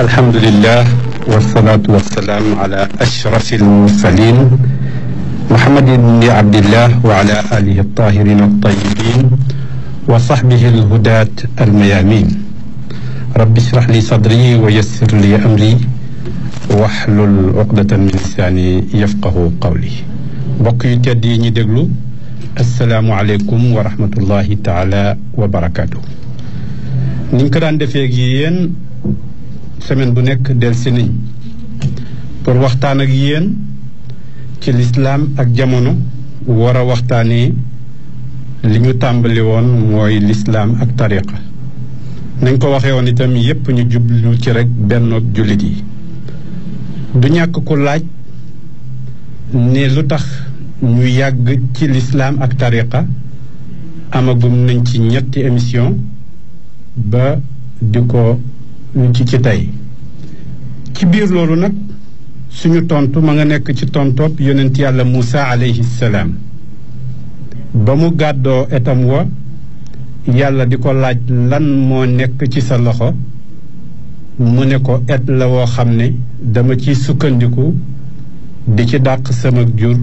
الحمد لله والصلاة والسلام على أشرف المرسلين محمد بن عبد الله وعلى آله الطاهرين الطيبين وصحبه الهداة الميامين رب اشرح لي صدري ويسر لي أمري واحلل عقدة من لساني يفقه قولي بقي تديني دقلو السلام عليكم ورحمة الله تعالى وبركاته نكران دفيقين semaine bu nekk delsi nañ pour waxtaan ak yéen ci lislaam ak jamono war a waxtaanee li ñu tàmbali woon mooy lislaam ak tariqa nañ ko waxewoon itam yépp ñu jublu ci rek bennoog jullit yi du ñàkk ku laaj ne lu tax ñu yàgg ci lislaam ak tariqa amagum nañ ci ñetti émission ba di ko ñu ci ci tey ci biir loolu nag suñu tontu ma nga nekk ci tontoob yonent yàlla Moussa alayhi salaam ba mu gàddoo etam wa yàlla di ko laaj lan moo nekk ci sa loxo mu ne ko et la woo xam ne dama ci sukkandiku di ci dàq sama jur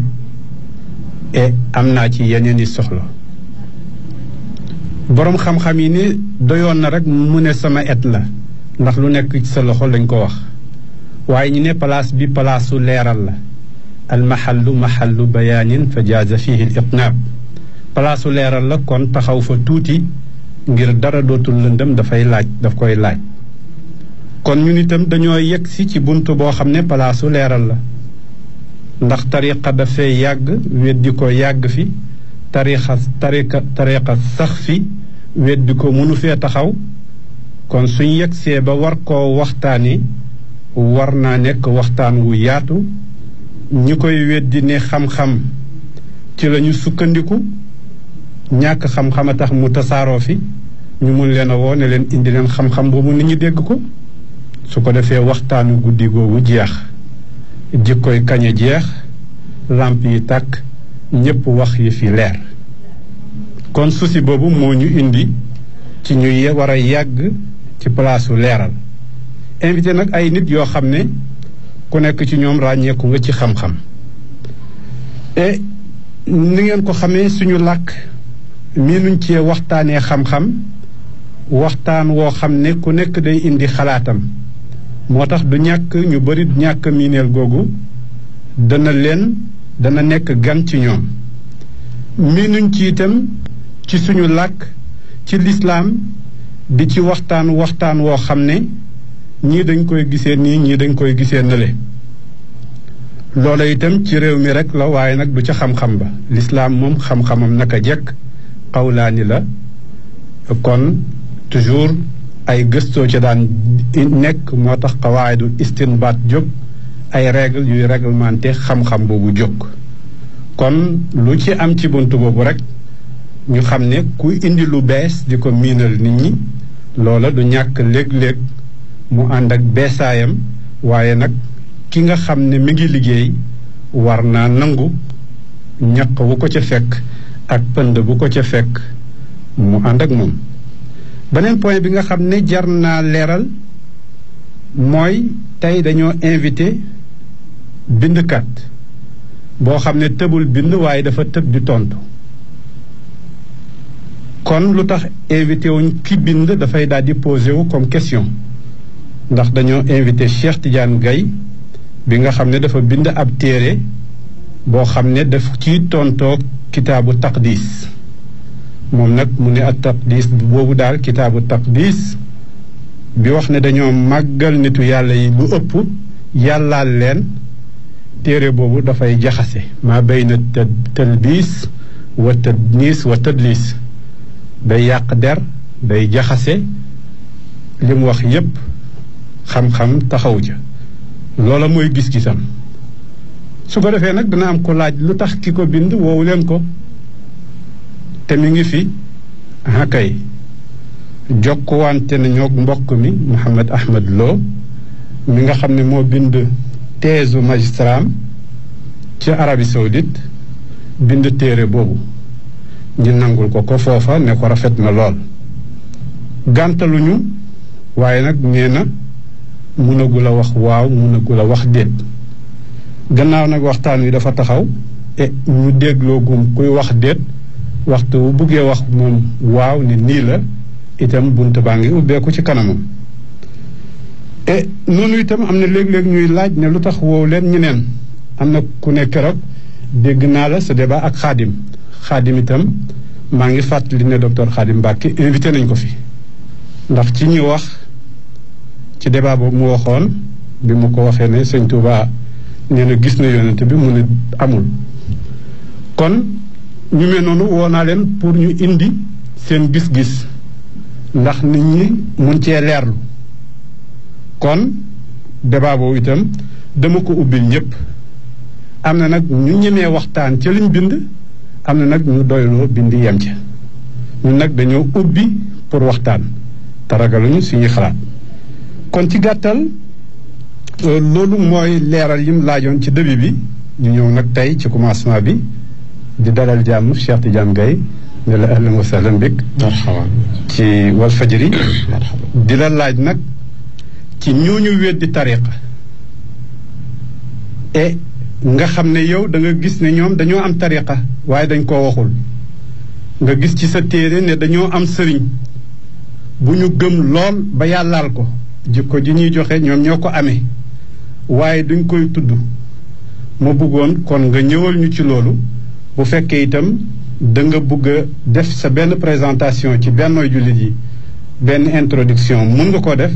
e am naa ci yeneen i soxla boroom xam-xam yi ni doyoon na rekk mu ne sama et la ndax lu nekk ci sa loxo lañ ko wax waaye ñu ne place bi palaasu leeral la al mahallu mahallu bayanin fa jaaza fihi l iqnaab palaasu leeral la kon taxaw fa tuuti ngir dara dootul lëndëm dafay laaj daf koy laaj kon ñun itam dañoo yegg si ci bunt boo xam ne palaasu leeral la ndax tariqa da fee yàgg weddi ko yàgg fi tariqa tariqa tariqa sax fi weddi ko munu fee taxaw kon suñ yegsee ba war koo waxtaani war naa nekk waxtaan wu yaatu ñi koy weddi ne xam-xam ci lañu sukkandiku ñàkk xam-xam a tax mu tasaaroo fi ñu mun leen a woo leen indi leen xam-xam boobu nit ñi dégg ko su ko defee waxtaanu guddi googu jeex koy kañe jeex làmp yi tàkk ñépp wax yi fi leer kon susi boobu moo ñu indi ci ñu war a yàgg ci palaasu leeral invité nag ay nit yoo xam ne ku nekk ci ñoom ràññeeku nga ci xam-xam e ni ngeen ko xamee suñu làkk miinuñ cee waxtaanee xam-xam waxtaan woo xam ne ku nekk day indi xalaatam moo tax du ñàkk ñu bari ñàkk miineel googu dana leen dana nekk gan ci ñoom miinuñ ci itam ci suñu làkk ci lislaam di ci waxtaan waxtaan woo xam ne ñii dañ koy gisee nii ñii dañ koy gisee nële loola itam ci réew mi rekk la waaye nag du ca xam-xam ba lislaam moom xam-xamam naka jekk xawlaani la kon toujours ay gëstoo ca daan nekk moo tax xawaayidu istinbaat jóg ay règle yuy réglementé xam-xam boobu jóg kon lu ci am ci bunt boobu rekk ñu xam ne ku indi lu bees di ko miinal nit ñi loola du ñàkk léeg-léeg mu ànd ak beesaayam waaye nag ki nga xam ne mi ngi liggéey war naa nangu ñaq wu ko ca fekk ak pënd bu ko ca fekk mu ànd ak moom beneen point bi nga xam ne jar naa leeral mooy tey dañoo invité bindkat boo xam ne tëbul bind waaye dafa tëb di tontu kon lutax invité wuñ ki bind dafay daal di poser wu comme question ndax daño invité Cheikh Tidiane gay bi nga xam dafa bind ab téré bo xam daf ci tonto kitaabu taqdis mom nak mu ne ak taqdis bobu dal kitaabu taqdis bi wax ne dañoo màggal nitu yalla yi lu yalla len téré bobu da fay jaxase ma bayna talbiis wa tadnis wa tadliis day yàq der day jaxase li wax yépp xam-xam taxaw ja loola mooy gis-gisam su ko defee nag dana am ko laaj lu tax ki ko bind woowu leen ko te mu ngi fi hakay jokkuwante na ñoog mbokk mi Mouhamed Ahmed Lo mi nga xam ne moo bind teesu magistram ci Arabie Saoudite bind téere boobu ñu nangul ko ko fofa ne ko rafet na gantalu ñu waye nak neena muna gula wax waaw munagula wax déet gannaaw nak waxtaan wi dafa taxaw e ñu deglo gum kuy wax déet waxtu bu bëgge wax mom waaw ni ni la itam buntu baa ubbe ko ci kanam e nonu itam amna leg leg ñuy laaj ne lutax tax leen ñeneen amna ku nekk rek dégg naa la sa débat ak xaadim xaadim itam maa ngi fàttali ne docteur xaadim Mbacke invité nañ ko fi ndax ci ñu wax ci débat boobu mu waxoon bi mu ko waxee ne sëñ Touba nee na gis na yonent bi mu ne amul kon ñu mel noonu woo naa leen pour ñu indi seen gis-gis ndax nit ñi mun cee leerlu kon débat itam dama ko ubbil ñëpp am na nag ñu ñemee waxtaan ca liñ bind am na nag ñu doyloo bindi yem ca ñun nag dañoo ubbi pour waxtaan taragaluñu suñu xalaat kon ci gàttal euh, loolu mooy leeral yim laajoon ci début bi ñu ñëw nag tey ci commencement bi di dalal jàmm Cheikh Tidiane gay ne la ahlan wa sahlan bik ci Walfajri di la laaj nag ci ñooñu weddi tariqa et nga xam ne yow da nga gis ne ñoom dañoo am tariqa waaye dañ koo waxul nga gis ci sa téere ne dañoo am sëriñ bu ñu gëm lool ba yàllaal ko jikko ji ñuy joxe ñoom ñoo ko amee waaye duñ koy tudd ma bëggoon kon nga ñëwal ñu ci loolu bu fekkee itam da nga bëgg a def sa benn présentation ci bennooy jullit yi benn introduction mën nga koo def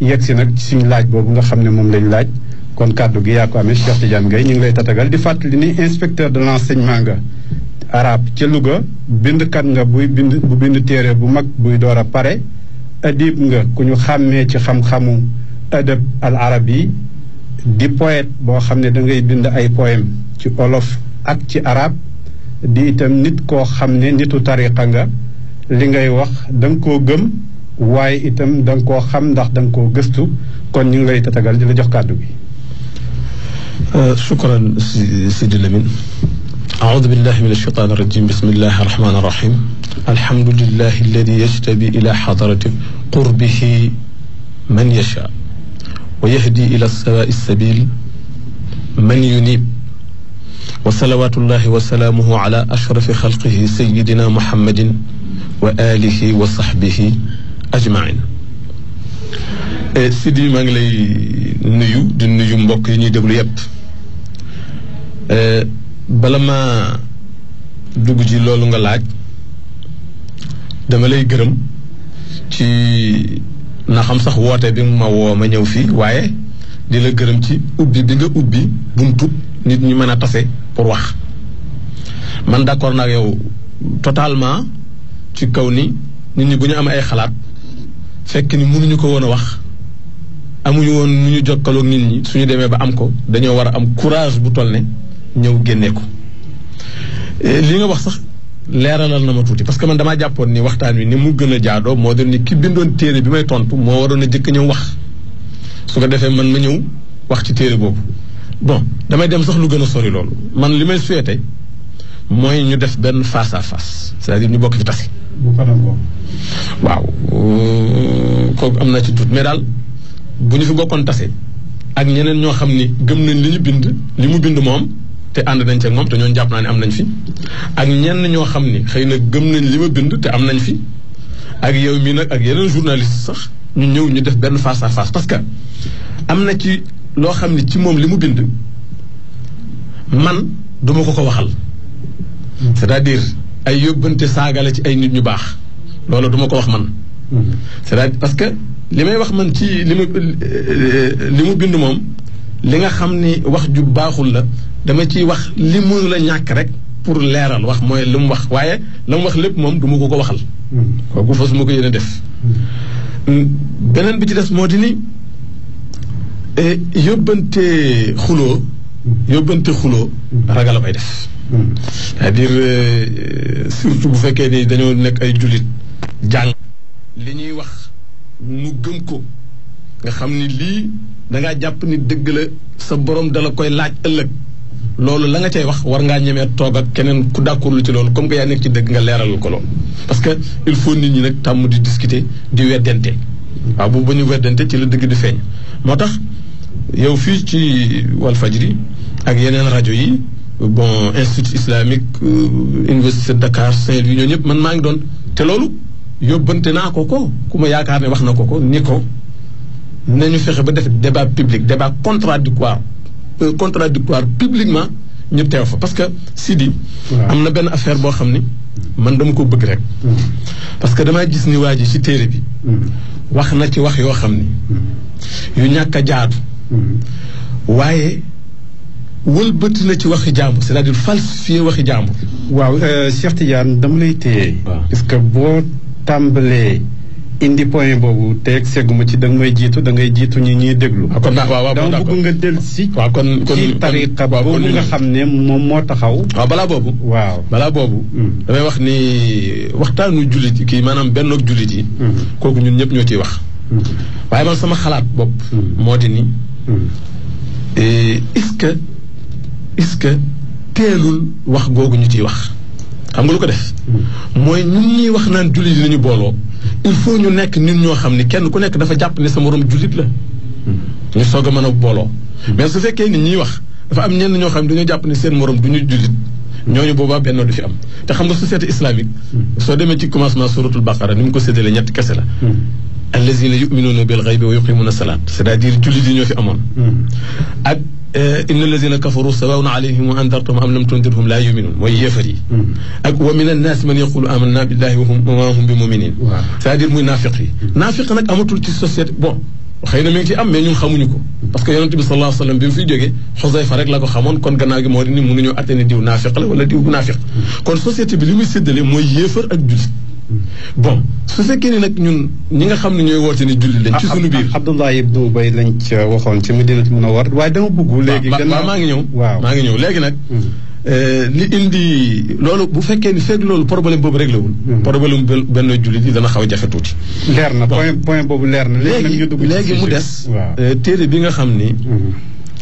yegg si nag ci suñu laaj boobu nga xam ne moom lañ laaj kon kaddu gi yaa ko amee Cheikh Tidiane ngay ñu ngi lay tatagal di fàttali ni inspecteur de l'enseignement nga arab ca Louga kat nga buy bind bu bind téere bu mag buy door a pare adib nga ku ñu xàmmee ci xam-xamu adab al arab yi di poète boo xam ne da ngay bind ay poème ci olof ak ci arab di itam nit koo xam ne nitu tariqa nga li ngay wax da nga koo gëm waaye itam da nga koo xam ndax da nga koo gëstu kon ñu ngi lay tatagal di la jox kàddu gi آه، شكرا سيدي الامين أعوذ بالله من الشيطان الرجيم بسم الله الرحمن الرحيم الحمد لله الذي يجتبي إلى حضرة قربه من يشاء ويهدي إلى السواء السبيل من ينيب وصلوات الله وسلامه على أشرف خلقه سيدنا محمد وآله وصحبه أجمعين Eh, Sidi maa ngi lay nuyu di nuyu mbokk yi ñuy déglu yépp eh, bala ma dugg ci loolu nga laaj dama lay gërëm ci na xam sax woote bi ma woo ma ñëw fii waaye di la gërëm ci ubbi bi nga ubbi buntu nit ñi mën a tase pour wax man d'accord naa yow totalement ci kaw ni nit ñi bu ñu am ay xalaat fekk ni mënuñu ko woon a wax amuñu woon nu ñu jokkaloog nit ñi suñu demee ba am ko dañoo war a am courage bu toll ne ñëw génnee ko li nga wax sax leeralal na ma tuuti parce que man damaa jàppoon ni waxtaan wi ni mu gën a jaadoo moo doon ni ki bindoon téere bi may tontu moo waroon a jëkk ñëw wax su ko defee man ma ñëw wax ci téere boobu bon damay dem sax lu gën a sori loolu man li may souhaité mooy ñu def benn face à face cest à ñu bokk ci tasi waaw euh, kooku am naa ci tuut mais daal bu ñu fi bokkoon tase ak ñeneen ñoo xam ni gëm nañ li ñu bind li mu bind moom te ànd nañ ci moom te ñooñu jàpp naa ne am nañ fi ak ñenn ñoo xam ni xëy na gëm nañ li ma bind te am nañ fi ak yow mii nag ak yeneen journaliste sax ñu ñëw ñu def benn face à face parce que am na ci loo xam ni ci moom li mu bind man duma ko ko waxal cest à diir ay yóbbante saagale ci ay nit ñu baax loolu duma ko wax man mm-hmm. c'est-à-dire parce limay wax man ci limu limu li mu bind moom li nga xamni wax ju baxul la dama ci wax limu la ñak rek pour leral wax moy limu wax waye lam wax lépp mom duma ko ko waxal. ko fas ma ko yéene def. benen bi ci dess moo di ni yóbbante xuloo yóbbante xuloo ragal bay def. c'est-à-dire surtout bu fekke ni dañu nek ay julit jàng li ñuy wax. nu gëm ko nga xam ni lii dangaa jàpp ni dëgg la sa borom dala koy laaj ëllëg loolu la nga cay wax war ngaa ñemee toog ak keneen ku lu ci loolu comme que yaa nekk ci dëgg nga leeralal ko loolu parce que il faut nit ñi nag tàmm di discuter di weddente waaw bu ba ñu weddente ci la dëgg di feeñ moo tax yow fii ci Walfajri ak yeneen rajo yi bon institut islamique euh, université Dakar Saint-Louis ñoo ñëpp man maa ngi doon te loolu yóbbante naa ko ko ku ma yaakaar ne wax na ko ko ni ko ñu fexe ba def débat public débat contradictoire euh, contradictoire publiquement ñu teew fa parce que Sidi am na benn affaire boo xam ni man dama ko bëgg rek hmm. parce que damaa gis ni waa ji ci téere bi hmm. wax na ci wax yoo xam ni hmm. yu ñàkk a jaadu waaye wëlbati na ci waxi jàmbur c'est-à-dire falsifier waxi jàmbur waaw euh, Cheikh Tidiane dama lay téye parce que boo tàmbalee indi point boobu te teeg segguma ci da may jiitu da ngay jiitu ñi ñuy déglu. Ah, kon waaw donc bëgg nga del si. waaw kon kon ci tariqa boobu nga xam ne moom moo taxaw. waaw balaa boobu. waaw balaa boobu. Hmm. damay wax ni waxtaanu jullit yi kii maanaam benn ak jullit yi. Hmm. kooku ñun ñëpp ñoo ciy wax. Hmm. waaye man sama xalaat bopp. moo di ni. Eh, est-ce que est wax googu ñu ciy wax. xam nga lu ko def mooy ñun ñuy wax naan jullit dinañu booloo il faut ñu nekk nit ñoo xam ni kenn ku nekk dafa jàpp ni sa moroom jullit la ñu soog a mën a booloo mais su fekkee ni ñuy wax dafa am ñenn ñoo xam ne dañoo jàpp ni seen morom du ñu jullit ñooñu boobaa benn du fi am te xam nga société islamique soo demee ci commencement suratul baqara ni mu ko seddalee ñetti kese la allazina yuminuuna bil ghaybi wa yuqimuuna salaat c'est-à-dire jullit yi ñoo fi amoon ak إيه، إن الذين كفروا سواء عليهم وأنذرتهم أم لم تنذرهم لا يؤمنون ويفري ومن الناس من يقول آمنا بالله وهم وما هم بمؤمنين سادر منافقي نافق نك أمر تلتي السوسيات بون وخينا من كي أم من يوم خامون يكو بس كي ينتبه صلى الله عليه وسلم بين فيديو جي حزاي فرق لك خامون كون غناء موريني مونيو أتني ديو نافق ولا ديو نافق كون سوسيات بلي مي سيدلي مو يفر أجلت bon su fekkee ne nag ñun ñi nga xam ne ñooy woote ni julli lañ. ci sunu biir Abdullah ibn bay lañ ca waxoon ci Madinatu Munawwar waaye dama bëgg. léegi gën maa ngi ñëw. waaw maa ngi ñëw léegi nag. Hmm. Eh, li indi loolu bu fekkee ni fekk loolu problème boobu réglé wul. Hmm. problème mu benn jullit yi dana xaw a jafe tuuti. leer na point point boobu leer na. léegi léegi mu des. waaw eh, téere bi nga xam ni. Hmm.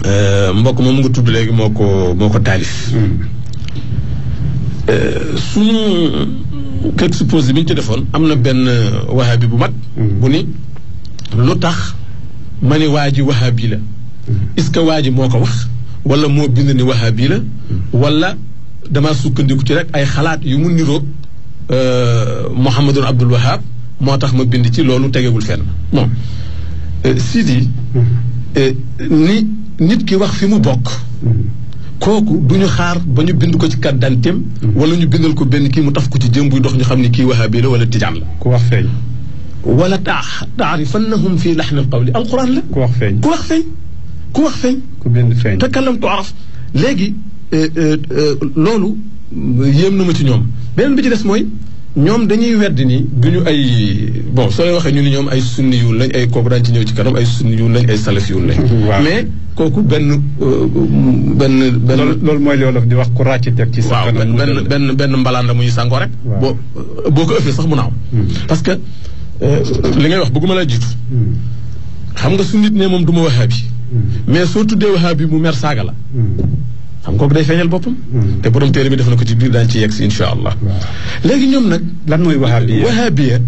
Eh, mbokk moom nga tudd léegi moo ko moo ko taalif. kër supposé bi ñu ci defoon am na benn euh, wahabi bu mag. Mm-hmm. bu ni lu tax ma ni waa ji wahabi la. Mm-hmm. est-ce que waa ji moo ko wax wala moo bind ni wahabi la. Mm-hmm. walla dama sukkandiku ci rek ay xalaat yu mu niroog euh, Mouhamadul Abdul Wahab moo tax ma bind ci loolu tegewul fenn non euh, Sidi. nit ki wax fi mu bokk. koku duñu xaar ba ñu bind ko ci kàddantem wala ñu bindal ko benn kii mu taf ko ci jëm buy dox ñu xam ne kii wahabi la wala tijaan la. ku wax feeñ. wala taax taarifannahum fii laxnil qawli alquran la. ku wax feeñ ku wax feeñ. ku wax feeñ. ku bind feeñ te kalam tu araf léegi loolu yéem na ma ci ñoom beneen bi ci des mooy. ñoom dañuy wedd ni ñu ay bon sooy waxee ñu ni ñoom ay sunni yu lañ ay kooku daañu ci ñëw ci kanam ay sunni yu lañ ay salaf yu lañ. mais kooku benn euh, benn benn. loolu loolu mooy li wolof di wax ku ràcc teg ci. sa kanam benn benn benn mbalaan la muy sàngoo rek. boo boo ko ëffee sax mu naaw. Hmm. parce que euh, li ngay wax bëgguma laa jiitu. Hmm. xam nga su nit ne moom du ma waxaabi. Hmm. mais soo tuddee bi mu mer saaga la. xam ko day feeñal bopam te borom téere bi def na ko ci biir daañu ci yex insha allah. legi ñom nak lan moy wahabiyya wahabiyya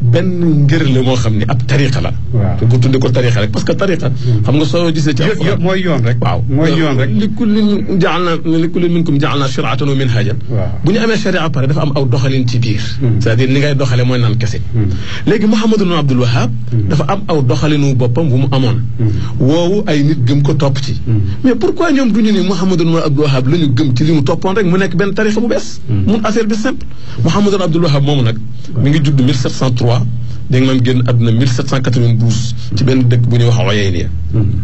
ben ngir la mo xamni ab tariqa la. te gu tudde ko tariqa rek parce que tariqa. xam nga soo gisee ci alquran moy yoon rek. waaw moy yoon rek li kullin jaalna li kullin minkum jaalna shir'atan wa minhajan. waaw bu ñu amee sharia pare dafa am aw doxalin ci biir. c'est-à-dire ni ngay doxale moy nan kesse legi Mouhamadou ibn Abdul wahhab dafa am aw doxalinu bopam bu mu amone wowo ay nit gëm ko top ci. mais pourquoi ñoom duñu ni Mouhamadou Mouhamadou Abdoul Wahab gëm ci li mu toppoon rek mu nekk benn tarixa bu bees. Hmm. mun affaire bi simple. Mouhamadou Abdoul Wahab moomu nag. mi ngi judd 1703. dégg nga man génn àdduna 1792. ci benn dëkk bu ñuy wax Oyeyniya. Hmm.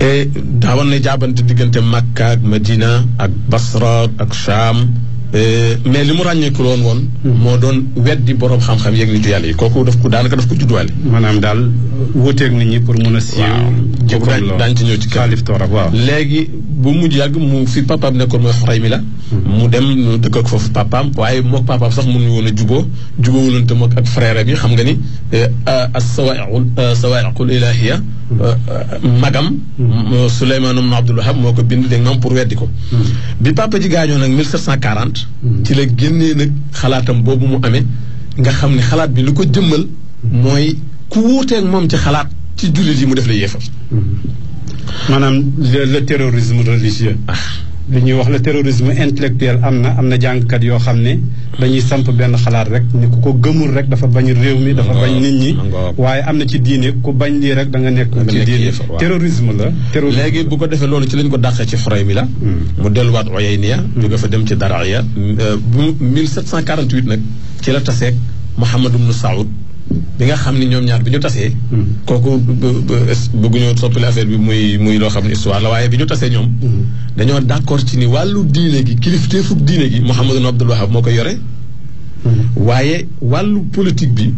E daawoon na jaabante diggante Makka ak Madina ak Basra ak Cham. Euh, mais li mu ràññeeku loon woon. moo doon weddi boroom xam-xam yeeg ni yàlla yi kooku daf ko daanaka daf ko judduwaale. maanaam daal wuuteeg nit ñi pour mën a. siiw jëkkoon lool daañu ci ñëw ci kër waaw. léegi bu mujj yàgg mu fi papaam nekkoon mooy xoray mi la. Hmm. mu dem dëkk ak foofu papaam waaye mook papaam sax mënuñu woon a juboo jubóowulante mook ak frère bi xam nga ni euh, as-sawaa'iqul euh, sawaa'iqul ilaahiya hmm. magam hmm. Souleymane ibn Abdul Wahab moo ko bind dégg maam pour weddi ko. bi papa ji gaañoo nag 1740. Hmm. ci la génne nag xalaatam boobu mu amee nga xam ne xalaat bi lu ko jëmmal. mooy ku wuuteeg moom ci xalaat ci jullit yi mu def la yéefar. Hmm. maanaam le terrorisme religieux. Ah. li ñuy wax la terrorisme intellectuel am na am na jàngkat yoo xam ne dañuy samp benn xalaat rek ni ku ko gëmul rek dafa bañ réew mi dafa bañ nit ñi waaye am na ci diine ku bañ lii rek da nga nekk ci diine terrorisme la terrorisme léegi bu ko defee loolu ci lañ ko dàqee ci fray mi la hmm. mu delluwaat Uyayniya jóge fa dem ci Daraya euh, bu 1748 nag ci la taseeg Mouhamadou ibn Saoud bi nga xam ni ñoom ñaar bi ñu tasee. Hmm. kooku bëgguñoo soppali affaire bi muy muy loo xam ne histoire la waaye bi ñu tasee ñoom. Hmm. dañoo d' ci ni wàllu diine gi kilifteefu diine gi Mouhamadou Abdoul Wahab moo koy yore. Hmm. waaye wàllu politique bi.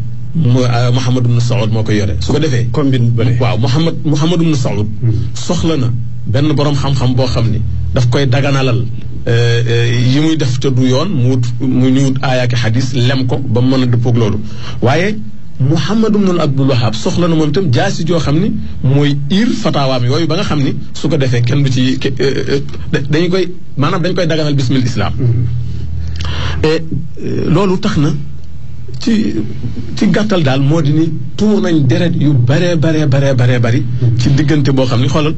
Ah, Mouhamadou ibn Saoud moo koy yore su ko defee. combine bële waaw Mouhamad Mouhamadou ibn Saoud. soxla na benn borom xam boo xam ni daf koy daganalal. Eh, eh, yi muy def te yoon mu wut mu ñu wut aaya lem ko ba mu mën a dëppoog loolu waaye. Muhammad ibn Abdul Wahab soxla na moom itam jaasi joo xam ni mooy ir fataawaam yooyu ba nga xam ni su ko defee kenn du ci eh, eh, eh, dañu koy maanaam dañu koy daganal bismil islam. Mm-hmm. loolu tax na ci ci gàttal daal moo di ni tuur nañ deret yu baree bare bare bare bari. ci diggante boo xam ni xoolal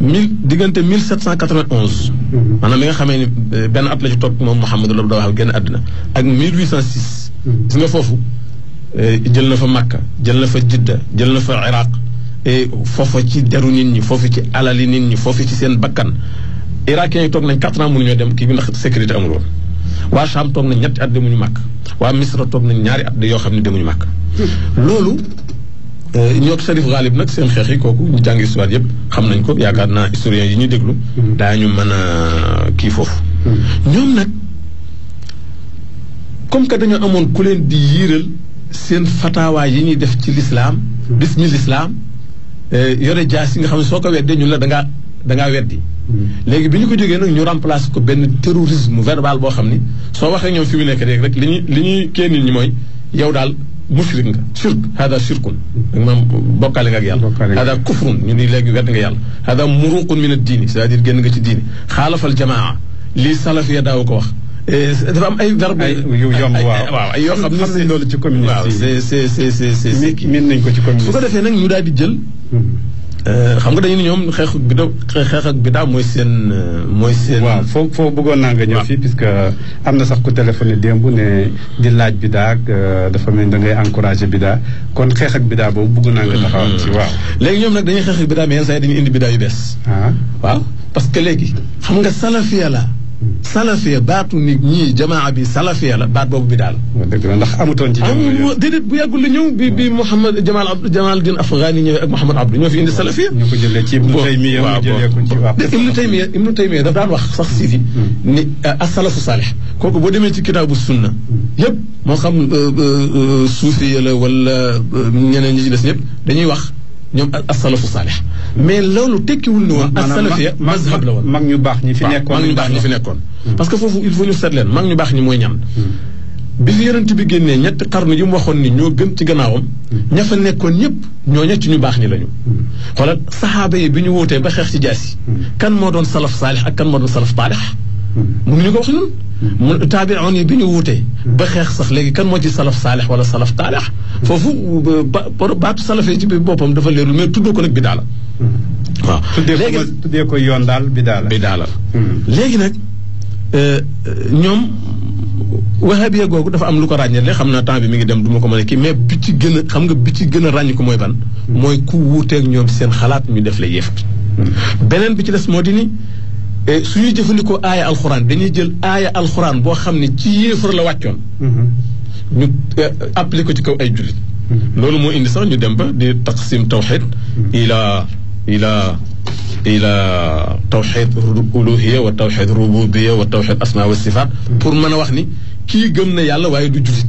mille diggante mille sept cent quatre vingt onze. Mm-hmm. maanaam bi nga xamee ni benn at la ci toog moom Muhammad ibn Abdul Wahab génn àddina ak mille huit cent six. Mm-hmm. gis nga foofu. Eh, jël na fa Makka jël na fa Jidda jël na fa Iraq eh, foofa ci deru nit ñi foofu ci alali nit ñi foofu ci seen bakkan irakiens yi toog nañ quatre ans mënuñoo dem kii bi ndax sécurité amul waa Cham toog nañ ñetti at demuñu Makka waa Misra toog nañ ñaari at yoo xam ne demuñu Makka loolu eh, ñoo Cherif Ghalib nag seen xeex yi kooku ñu jàng histoire yëpp xam nañ ko yaakaar naa historiens yi ñu déglu mm-hmm. daa ñu mën a kii foofu mm-hmm. ñoom nag comme que dañoo amoon ku di yiiral seen fatawaa yi ñuy def ci lislaam hmm. bismi lislaam eh, yore jaas nga xam ne soo ko weddee ñu la dangaa dangaa weddi hmm. léegi bi ñu ko jógee nag ñu remplace ko benn terrorisme verbal boo xam ni soo waxee ñoom fi mu nekk rek rek li ñuy li ñuy kee nit ñi mooy yow daal mushrik nga shirk hada shirkun dag hmm. maam bokkaale nga ak yàlla hada kufrun ñu ni léegi wedd nga yàlla hada muruqun min ad diini c'est-à-dire génn nga ci diini xaalafal jamaa lii salafiya daaw ko wax dafa am ay verbe yu yomb waaw yoo xam ne xam loolu ci commune waaw c'est c'est nañ ko ci commune su ko defee nag ñu daal di jël hmm. euh, xam nga dañu ne ñoom xeexu bi da xeex ak bidaa mooy seen euh, mooy seen waaw foo foo bëggoon naa nga ñëw fii am na sax ku téléphoné démb ne di laaj bidaa ak euh, dafa mel da ngay encouragé bidaa kon xeex ak bidaa boobu bëgg naa nga taxaw ci hmm. waaw léegi ñoom nag dañuy xeex ak bidaa mais yenn saa yi dañuy indi bidaa yu ah. waaw parce que léegi xam nga salafiya la salafiya baatu nit ñii jamaa bi salafiya la baat boobu bi daal. dëgg la ndax amutoon ci jamono déedéet bu yàggul la ñëw bi bi Mouhamed Jamal Abd Jamaluddin Afghani ñëwee ak Mouhamed Abdou ñoo fi indi salafiya. ñu ko jëlee ci Ibnu Taymiya ñu jëlee ko ci waaw Ibnu Taymiya Ibnu Taymiya daf daan wax sax siiti mm. ni euh, as-salafu saalih kooku boo demee ci kitaabu sunna yëpp moo xam euh, euh, suufiya la wala ñeneen ñi ci des ñëpp dañuy wax ñoom asalafu saalix mais loolu tekkiwul ni woon asalafiya mazhab la woon mag ñu baax ñi fi nekkoon mag ñu baax ñi fi nekkoon hmm. parce que foofu il faut ñu seet leen mag ñu baax ñi mooy ñan hmm. bi yonent bi génnee ñetti xarnu yi mu waxoon ni ñoo gën ci gannaawam hmm. ña fa nekkoon ñëpp ñoo ñetti ñu baax ñi lañu xoolal saxaaba yi bi ñu wootee ba xeex ci jaas yi kan moo doon salaf saalix ak kan moo doon salaf taalix mënuñu ko wax ñun. Hmm. mu taabiroon yi bi ñu wuute. Hmm. ba xeex sax léegi kan moo ci salaf saalex wala salaf taalex. Hmm. foofu ba baatu salafee ci biir boppam dafa leerul mais tuddoo ko nag bidaa la. waaw léegi tuddee ko yoon daal bi la. bidaa la léegi nag euh, euh, ñoom wahabiya googu dafa am lu ko lee xam naa temps bi mi ngi dem duma ko mën a kii mais bi ci gën a xam nga bi ci gën a ràññ ko mooy ban. mooy ku wuuteeg ñoom seen xalaat ñu def la yëf. beneen bi ci des moo di ni su ñuy jëfandikoo aaya alxuraan dañuy jël aaya alxuraan boo xam ne ci yéefar la wàccoon. ñu appliqué ko ci kaw ay jullit. loolu moo indi sax ñu dem ba di taqsim tawxid. ila ila ila tawxid uluhiya wa tawxid rububiya wa tawxid asma wa sifaat. pour mën a wax ni kii gëm na yàlla waaye du jullit.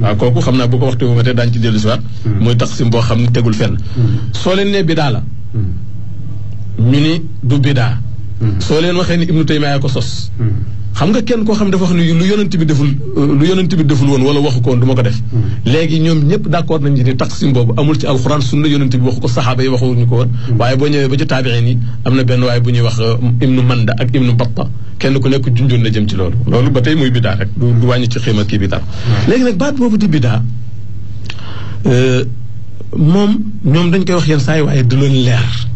waaw kooku xam naa bu ko waxtu bu matee daañu ci dellu si waat. mooy taqsim boo xam ne tegul fenn. soo leen nee bidaa la. ñu ni du bidaa. soo leen waxee ni ibnu taymiya ko sos xam nga kenn koo xam dafa wax ni lu yonent bi deful lu yonent bi deful woon wala waxu ko woon du ko def léegi ñoom ñëpp d'accord nañ ci ni taqsim boobu amul ci alxuraan sunna yonent bi waxu ko saxaaba yi waxuñu ko woon waaye boo ñëwee ba ci taabiin yi am na benn waaye bu ñuy wax uh, ibnu manda ak ibnu batta kenn ku nekk junjoon na jëm ci loolu loolu ba tey muy bidaa rek du wàññi ci xiima kii bidaa léegi nag baat boobu di bidaa uh, moom ñoom dañ koy wax yenn saa yi waaye du leen leer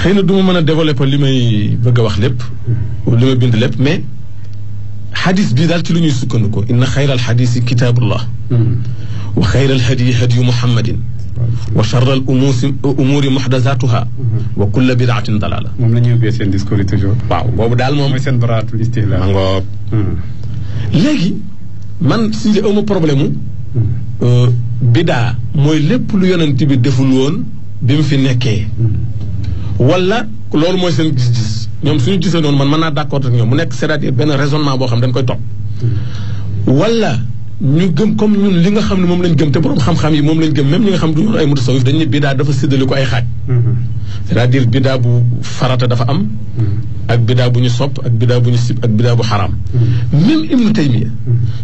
xëy na du ma mën a développer li may bëgg a wax lépp li ma bind lépp mais xadis bi daal ci lu ñuy sukkandiku inna xayra alxadisi kitabullah wa xayra alhadyi hadyu muhammadin wa charra al umuuri muxdasatuha wa kulla bidaatin dalala moom la ñuy ubbee seen discours yi toujours waaw boobu daal moom mooy seen baraatul istihlal ma léegi man si li awma problème mu bidaa mooy lépp lu yonent bi deful woon bi mu fi nekkee wala loolu mooy seen gis-gis ñoom ñu gisee noonu man man naa d'accord ak ñoom mu nekk c'est-à-dire benn raisonnement boo xam dañ koy topp wala ñu gëm comme ñun li nga xam ne moom lañ gëm te borom xam-xam yi moom lañ gëm même ñi nga xam du ay mutasawif dañ ne bidaa dafa séddale ko ay xaaj cest à biddaa bu farata dafa am ak biddaa bu ñu sopp ak bidaa bu ñu sib ak bidaa bu xaraam même ibnu taymiya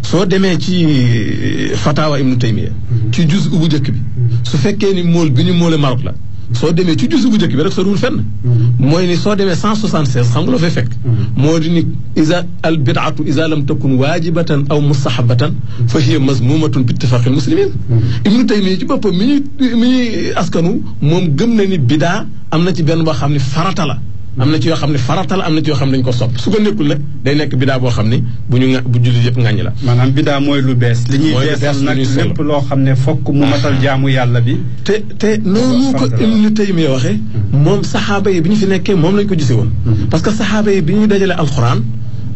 soo demee ci euh, fatawa ibnu taymiya ci juz bu njëkk bi su fekkee ni mool bi ñu moole la soo demee ci jusu bu njëkk bi rek soriwul fenn. Mhm. mooy ni soo demee 176 xam nga loo fay fekk. Mhm. moo di ni isa al bidaatu isa lam takun waajibatan aw mustahabatan fa hiya mazmumatun bi ittifaqil muslimin. Mhm. ibnu taymiya ci boppam mi ñuy mi ñuy askanu moom gëm na ni bidaa am na ci benn boo xam ne farata la. am na ci yoo xam ne farata am na ci yoo xam ne ko sopp su ko nekkul nag day nekk bidaa boo xam ne bu ñu bu jullit yëpp ŋàññi la maanaam bidaa mooy lu bees li ñuy beesal nag lépp loo xam ne fokk mu matal jaamu yàlla bi te te noonu ko Ibnu Taymiya waxee hmm. moom saxaaba yi bi ñu fi nekkee moom lañ ko gisee woon hmm. parce que saxaaba yi bi ñuy dajale alxuraan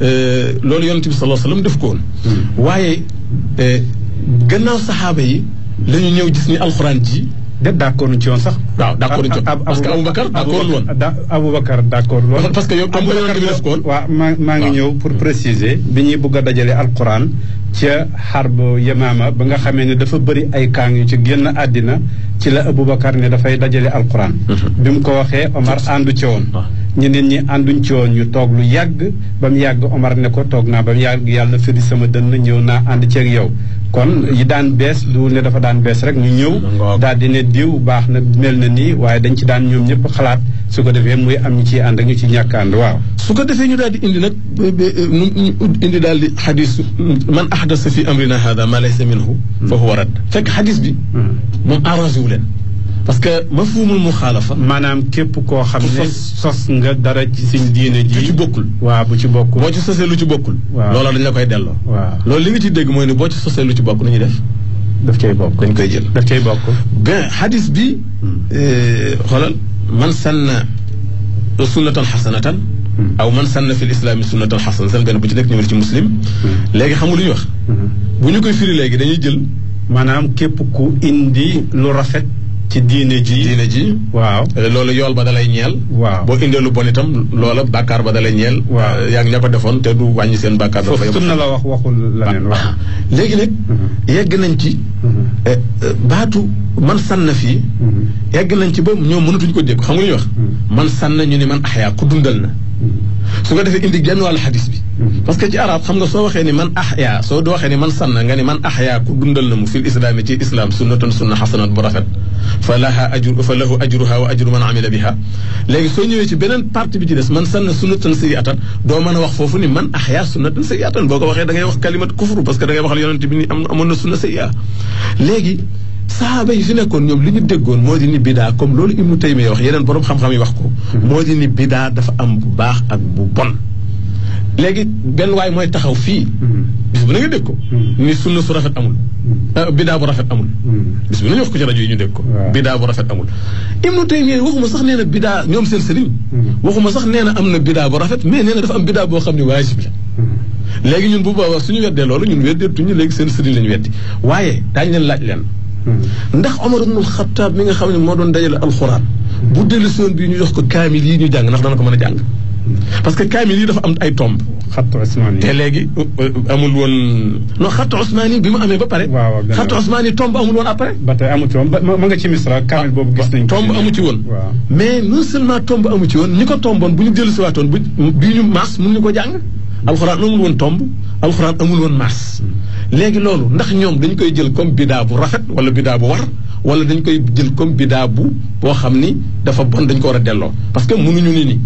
euh, loolu yoon yonent bi sallallahu alayhi wasallam def ko woon hmm. waaye euh, gannaaw saxaaba yi la ñëw gis ni alxuraan ji de d' accord ci woon sax. waaw d' accord ci woon parce que Aboubacar d' accord Aboubacar d' accord woon. parce que yow comme que yow waaw maa maa ngi ñëw pour hmm. préciser. bi ñuy bugg a dajale alquran ca xarb Yamaama ba nga xamee ne dafa bëri ay kaang yu ci génn àddina ci la Aboubacar ne dafay dajale alquran. Hmm. bi mu ko waxee Omar hmm. àndu ci woon. ñeneen ñi ànduñ ci woon ñu toog lu yàgg ba mu yàgg Omar ne ko toog naa ba mu yàgg yàlla firi sama dënn ñëw naa ànd ceeg yow kon yi daan bees du ne dafa daan bees rek ñu ñëw daal di ne diw baax na mel na nii waaye dañ ci daan ñoom ñëpp xalaat su ko defee muy am ñu ciy ànd ak ñu ci ñàkk ànd waaw su ko defee ñu daal di indi nag ñu indi daal di xadis man ahdasa fi amrina hada ma laysa minhu fa huwa radd hmm. fekk xadis bi hmm. moom arrangé wu leen parce que ma fuumul mu xaalafa maanaam képp koo xam ne sos nga dara ci siñ diine ji ci bokkul waaw bu ci bokk boo ci sosee lu ci bokkul loola dañ la koy delloo waaw loolu li nga ci dégg mooy ne boo ci sosee lu ci bokk nañuy def daf cay bokk dañ koy jël daf cay bokk bien xadis bi hmm. eh, xoolal man sanna sunnatan xasanatan hmm. aw man sanna fi l islaami sunnatan xasanatan seen benn bu ci nekk ñëwal ci muslim hmm. léegi xamul lu ñu wax bu ñu koy firi léegi dañuy jël maanaam képp ku indi lu rafet ci diine ji diine ji. waaw eh, loolu yool ba dalay ñeel. waaw boo indee lu bon itam loola bàkkaar ba dalay ñeel. waaw eh, yaa ngi ña ko defoon te du wàññi seen bàkkaar. dafa yem sunna la wax waxul leneen wax. léegi nag. Mm-hmm. yegg nañ ci. Mm-hmm. Eh, baatu man sànn fii. Mm-hmm. yegg nañ ci ba ñoom mënatuñ ko dégg xamul nga ñuy wax. man sànn ñu ne man axyaa ku dundal na. su ko defee indi genn wàllu xadis bi parce que ci arab xam nga soo waxee ni man ahya soo du waxee ni man sanna nga ni man ahya ku dundal na mu fil islaami ci islam sunnatan sunna xasanat bu rafet fa laha fa lahu ajruha wa ajru man amila biha léegi soo ñëwee ci beneen partie bi ci des man sanna sunnatan sayyi'atan doo mën wax foofu ni man ahya sunnatan sayyi'atan boo ko da ngay wax kalimat kufru parce que da ngay waxal yonente bi ni am amoon na sunna sayyi'a léegi saaba yi fi nekkoon ñoom li ñu déggoon moo di ni bidaa comme loolu ibnu taymiya wax yeneen borom xam-xam yi wax ko moo di ni bidaa dafa am bu baax ak bu bon léegi benn waay mooy taxaw fii bis bu na nga dégg ko mm-hmm. ni sunna su rafet amul mm-hmm. ah, bidaa bu rafet amul bis mm-hmm. bu nañu ko ci rajo yi ñu dégg ko bidaa bu rafet amul ibnu taymiya waxuma sax nee na bidaa ñoom seen sëriñ waxuma sax nee na am na bidaa bu rafet mais nee dafa am bidaa boo xam ne waajib la léegi ñun bu boobaa suñu weddee loolu ñun weddeetuñu léegi seen sëriñ lañu weddi waaye daañu leen laaj leen ndax Omar al-khattab mi nga xamni mo moo doon dajale alxuraan bu dellu si woon ñu jox ko kamil yi ñu jàng ndax dana ko mëna jàng. parce que kaamil yi dafa am ay tomb xattu osmaani te léegi euh, euh, amul woon non xattu osmaani bi mu amee ba pare xattu osmaani tomb amul woon après ba tey amu ci woon ma nga ci misra kaamil boobu gis nañ amu ci woon mais non seulement tomb amu ci woon ñi ko tomboon bu ñu dellu si ñu maas mun ñu ko jàng alxuraan amul woon tomb alxuraan amul woon maas hmm. léegi loolu ndax ñoom dañ koy jël comme bidaa bu rafet wala biddaa bu war wala dañ koy jël comme bidaa bu boo xam ni dafa bon dañ ko war a delloo parce que mënuñu ni ni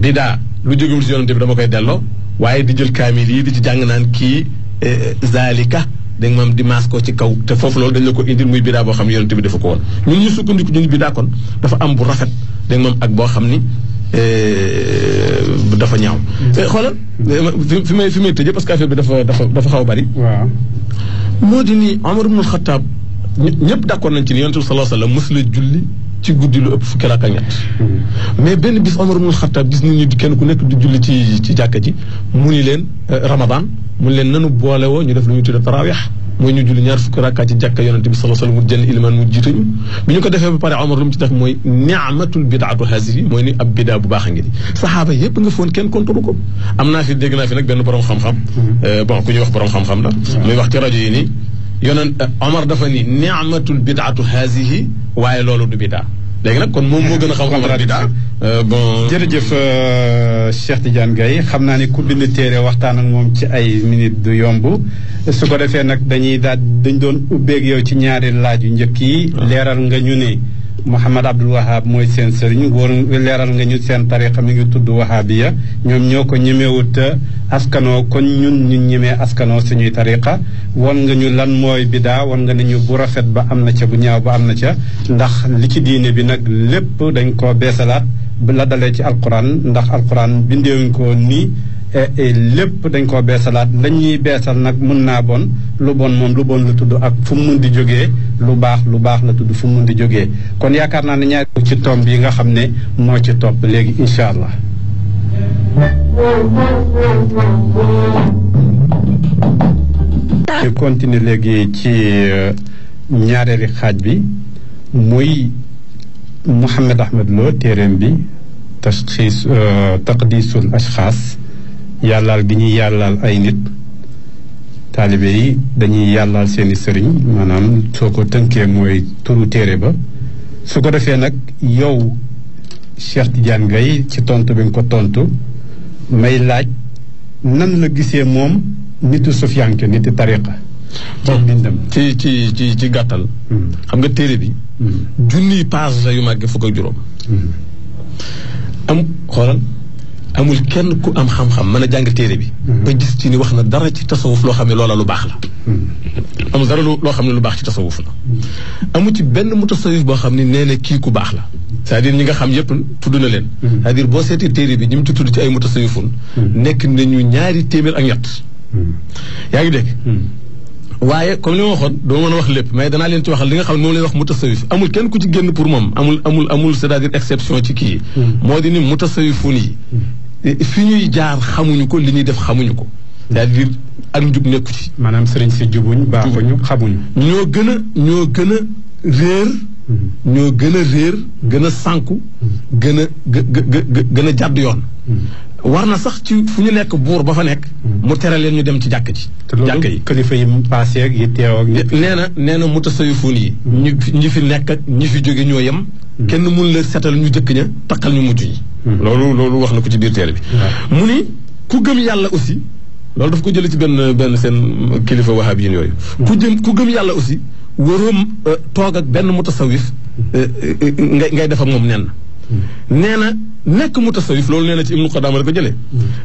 di daa lu jógewul si yonante bi dama koy delloo waaye di jël kaamil yi di ci jàng naan kii eh, zalika danga maam di maas ko ci kaw te foofu loolu dañ la ko indil muy bidaa boo xam ne yonante bi dafa ko woon ñun ñu sukkandiku ñu bidaa kon dafa am bu rafet danga maam ak boo xam ni eh, dafa ñaaw mm. eh, xoolal fi may fi may tëjee parce que affaire bi dafa dafa dafa xaw a bari waaw moo di ni Omar Xataab ñëpp d'accord nañ ci ni yonante bi sallallahu alayhi wa sallam julli ci guddi lu ëpp fukki rakk ñett mais benn bis Omar ibn Khattab gis ñu ñi kenn ku nekk di julli ci ci jàkka ji mu ni leen euh, Ramadan mu ni leen nanu boole woo ñu def lu ñu tudde tarawih mooy ñu julli ñaar fukki rakkaa ci jàkka yonente bi sallallahu alayhi wa sallam mu jël ilmaan mu jiitañu bi ñu ko defee ba pare Omar lu mu ci def mooy ni'matul bidaatu hazihi mooy ni ab bidaa bu baax a ngi ni saxaaba yëpp nga foon kenn kontoru ko am naa fi dégg naa fi nag benn borom xam-xam mm-hmm. euh, ku ñuy wax borom xam-xam la mm-hmm. muy wax ci rajo yi nii يونان عمر دفني نعمة البدعة هذه واي لولو البدعة لكن كون مو مو غن خاوم البدعة بدعة جرجف شيخ تيجان غاي خمنا ني كوب تيري وقتان ak mom ci ay minute du yombu su ko defé nak dañuy daal dañ doon ubbeek yow ci ñaari laaj yu ah. Mouhamad Abdul Wahab mooy seen sëriñ wóor leeral nga ñu seen tariqa mi ngi tudd ya ñoom ñoo ko ñemewut askanoo kon ñun ñu ñemee askanoo suñuy tariqa won nga ñu lan mooy biddaa won nga ne ñu bu rafet ba am na ca bu ñaaw ba am na ca ndax li ci diine bi nag lépp dañ koo beesalaat la dalé ci alquran ndax alquran wuñ ko nii e, e, lepp dañ ko beesalaat la ñuy beesal nak mun bon lu bon mom lu bon la tuddu ak fu mun di joggé lu baax lu baax la tuddu fu di joggé kon yaakaar naa ne ci tom bi nga xamné ne ci top légui inshallah ci continue euh, légui ci ñaareli bi muy محمد أحمد لو téeréem bi تشخيص تقديس الأشخاص yàllaal gi ñuy yàllaal ay nit taalibe yi dañuy yàllaal seeni sëriñ maanaam soo ko tënkee mooy turu téere ba su ko defee nag yow Cheikh Tidiane Gaye ci tontu bi nga ko tontu may laaj nan la gisee moom nitu sufiyanke niti tariqa ci bindam ci ci ci ci gàttal xam nga téere bi junniy page la yu màggee fukk ak juróom am xoolal amul kenn ku am xam-xam mën a jàng téere bi hmm. ba gis ci ni wax na dara ci tasawuf loo xam ne loola lu baax la hmm. amul dara loo xam ne lu baax ci tasawuf la hmm. amul ci benn mu tasawuf boo xam ne nee na kii ku baax la c'est-à-dire ñi nga xam yëpp tudd na leen c'est-à-dire boo seetee téere bi ñi mu tudd ci ay mu tasawufun nekk nañu ñaari téeméer ak ñett yaa ngi dégg waaye comme li ma waxoon doo mën a wax lépp mais danaa leen ci waxal li nga xam ne moom lay wax mutasawif amul kenn ku ci génn pour moom amul amul amul c'est-à-dire exception ci kii hmm. moo di ni mutasawifuun yi hmm. fi ñuy jaar xamuñu ko li ñuy def xamuñu ko hmm. c'est-à-dire ak njub nekku ci maanaam sëriñ si jubuñ baaxuñu xamuñu ñoo gën a ñoo gën a réer ñoo gën a réer gën a sànku gën a gë gë gën a jàdd yoon war na sax ci fu ñu nekk buur ba fa nekk. Mm-hmm. mu tere leen ñu dem ci jàkk ji. jàkk yi kilifa yi paase ak yi teew ak nee na nee na mutasayufuun yi. Mm-hmm. ñu ñi fi nekk ñi fi jóge ñoo yem. Mm-hmm. kenn mun la setal ñu jëkk ña takkal ñu mujj yi. loolu loolu wax na ko ci biir teere bi. mu ni ku gëm yàlla aussi. loolu daf ko jëlee ci benn benn seen kilifa wahab yi yooyu. ku jëm ku gëm yàlla aussi waroo euh, toog ak benn mutasawif euh, euh, ngay def moom nen. nee na nekk mu tasawif loolu nee na ci ibnu Qudama la ko jëlee.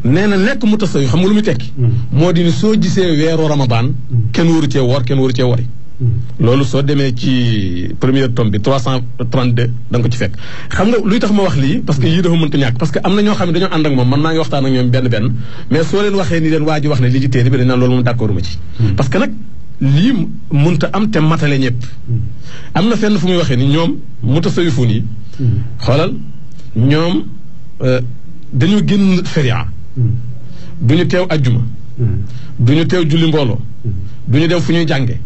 nee na nekk mu tasawif xam nga lu muy tekki. Mm. moo di soo gisee weeru Ramadan. Mm. kenn waru cee woor kenn waru cee wori. Mm. loolu soo demee ci premier tome bi 332 da nga ko ci fekk. xam nga luy tax ma wax lii parce que yii dafa mënta ñàkk parce am na ñoo xam ne dañoo ànd ak moom man maa ngi waxtaan ak ñoom benn benn mais soo leen waxee ni leen waa wax ne lii ci téere bi dañ naan lii mënta am te matale ñëpp. Hmm. am na fenn fu muy waxee ni ñoom mutasawifun nii hmm. xoolal ñoom euh, dañoo génn sharia. Hmm. du ñu teew ajjuma. du ñu teew julli mbooloo. du ñu dem fu ñuy jànge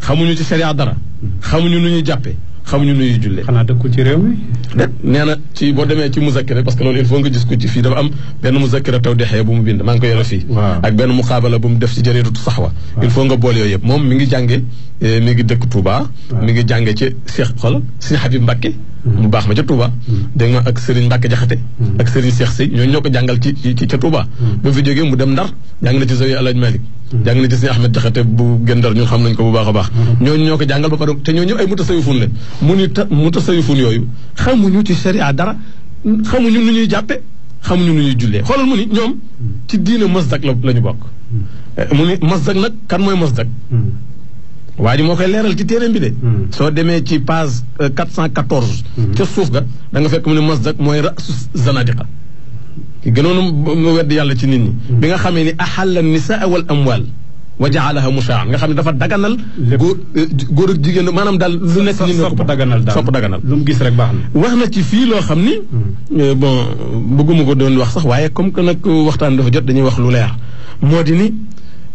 xamuñu ci sharia dara. xamuñu nu ñuy jàppee. xamuñu nuyu julle xanaa dëkkul ci réew mi. dëgg nee na ci boo demee ci muzakkira parce que loolu il faut nga gis ko ci fii dafa am benn muzakkira taw dexee bu mu bind maa ngi ko yore fii. ak benn muqaabala bu mu def ci jaridatu saxwa. il faut nga boole yooyu yëpp moom mi ngi jàngee Euh, mi ngi dëkk Touba. mi ngi jànge ci Cheikh xol Sëriñ Habib Mbacke. Mm-hmm. mu baax ma ca Touba. Mm-hmm. dégg nga ak Serigne Mbacke Jaxate mm-hmm. ak Serigne seex si ñooñu ñoo ko jàngal ci ci ca Touba. ba fi jógee mu dem Ndar jàng na ci Zawiya Alaaji Malick. jàng na ci Sëriñ Ahmed Jaxate bu gën Ndar ñun xam nañ ko bu baax a baax. ñooñu ñoo ko jàngal ba pare te ñooñu ñëpp ay mutasawifun la mu ni mutasawifun yooyu xamuñu ci sharia dara xamuñu nu ñuy jàppe xamuñu nu ñuy jullee xoolal mu ni ñoom ci diine masdak la la ñu bokk. Eh, mu ni masdak nag kan mooy masdak waji mo koy leral ci téeréem bi de. so deme ci page 414. ci souf ga da nga fekk mune masdak moy rasu zanadiqa. ki gënoon mu wedd yàlla ci nit ñi. bi nga xamé ni ahalla nisaa wal amwal wa jaalaha nga xamni dafa daganal. góor ak jigéen manam dal lu nekk ni ne ko daganal daal sopp daganal. lu mu gis rek baxna waxna ci fi lo xamni bon bëgguma ko doon wax sax waye comme que nak waxtaan dafa jot dañuy wax lu leer modini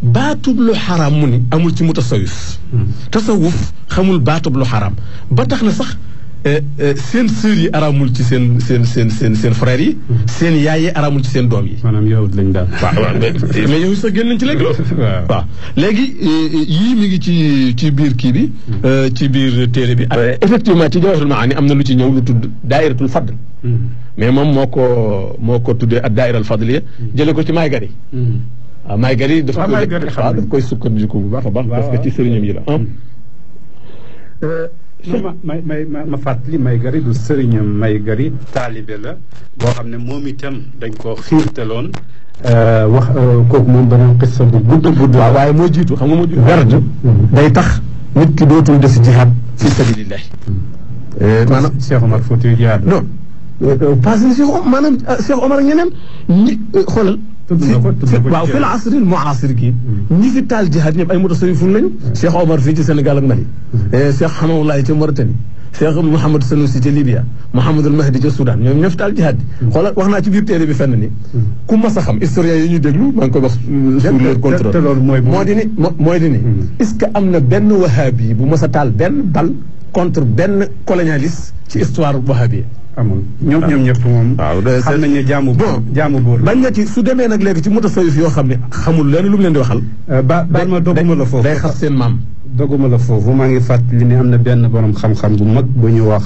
baatub lu xaraam mu ni amul ci mu hmm. tasawuf xamul baatub lu xaraam ba tax na sax eh, eh, seen sœurs yi araamul ci seen seen seen seen seen frères yi hmm. seen yaay yi araamul ci seen doom yi maanaam yowut lañ daal waaw mais yow sax génn ci léegi loolu waaw léegi eh, yii mi ngi ci ci biir kii bi hmm. ci biir téere bi ah, effectivement ci jawaatul maani am na lu ci ñëw lu tudd daairatul fadl mais moom moo ko moo ko tuddee ak daaira al fadliya jële ko ci maay gari waaw maay gari daf koy waaw daf koy sukkandiku bu baax a baax. parce ci sëriñam yi la. Euh, ma may ma ma fàttali may gari du sëriñam may gari taalibe la boo xam ne moom itam dañ koo xiirtaloon euh, wax euh, kooku moom beneen xissa bu gudd gudd waaye moo jiitu xam nga moo jiitu day tax nit ki dootul des jihaad fi sabilillah maanaam Cheikh Omar Fouti jihaad non pas Cheikh Omar Omar ñeneen xoolal waaw fi la asril muasir gi ñi fi taal jihaad ñëpp ay mutasawifun lañ Cheikh Omar fii ci Sénégal ak Mali Cheikh Hamawulaay ca Mauritanie Cheikh Mouhamadou Sanoussi ca Libya Mouhamadul Mahdi ca Soudan ñoom ñoo fi taal jihaad bi xoolal wax naa ci biir téere bi fenn ni ku mas a xam historien yi ñu déglu maa ngi koy wax sous leur contrôle moo di ni mooy di ni est-ce que am na benn wahabi bu mas a taal benn bal contre benn colonialiste ci histoire wahabi amul ñoom ñoom ñëpp moom. waaw xam nañ ne jaamu. bon jaamu buur bañ nga ci su demee nag léegi ci moto sayuf yoo xam ne xamul lenn lu mu leen di waxal. Euh, ba ba ma doguma la foofu day xas seen maam. doguma la foofu maa ngi fàttali ne am na benn borom xam-xam bu mag bu ñu wax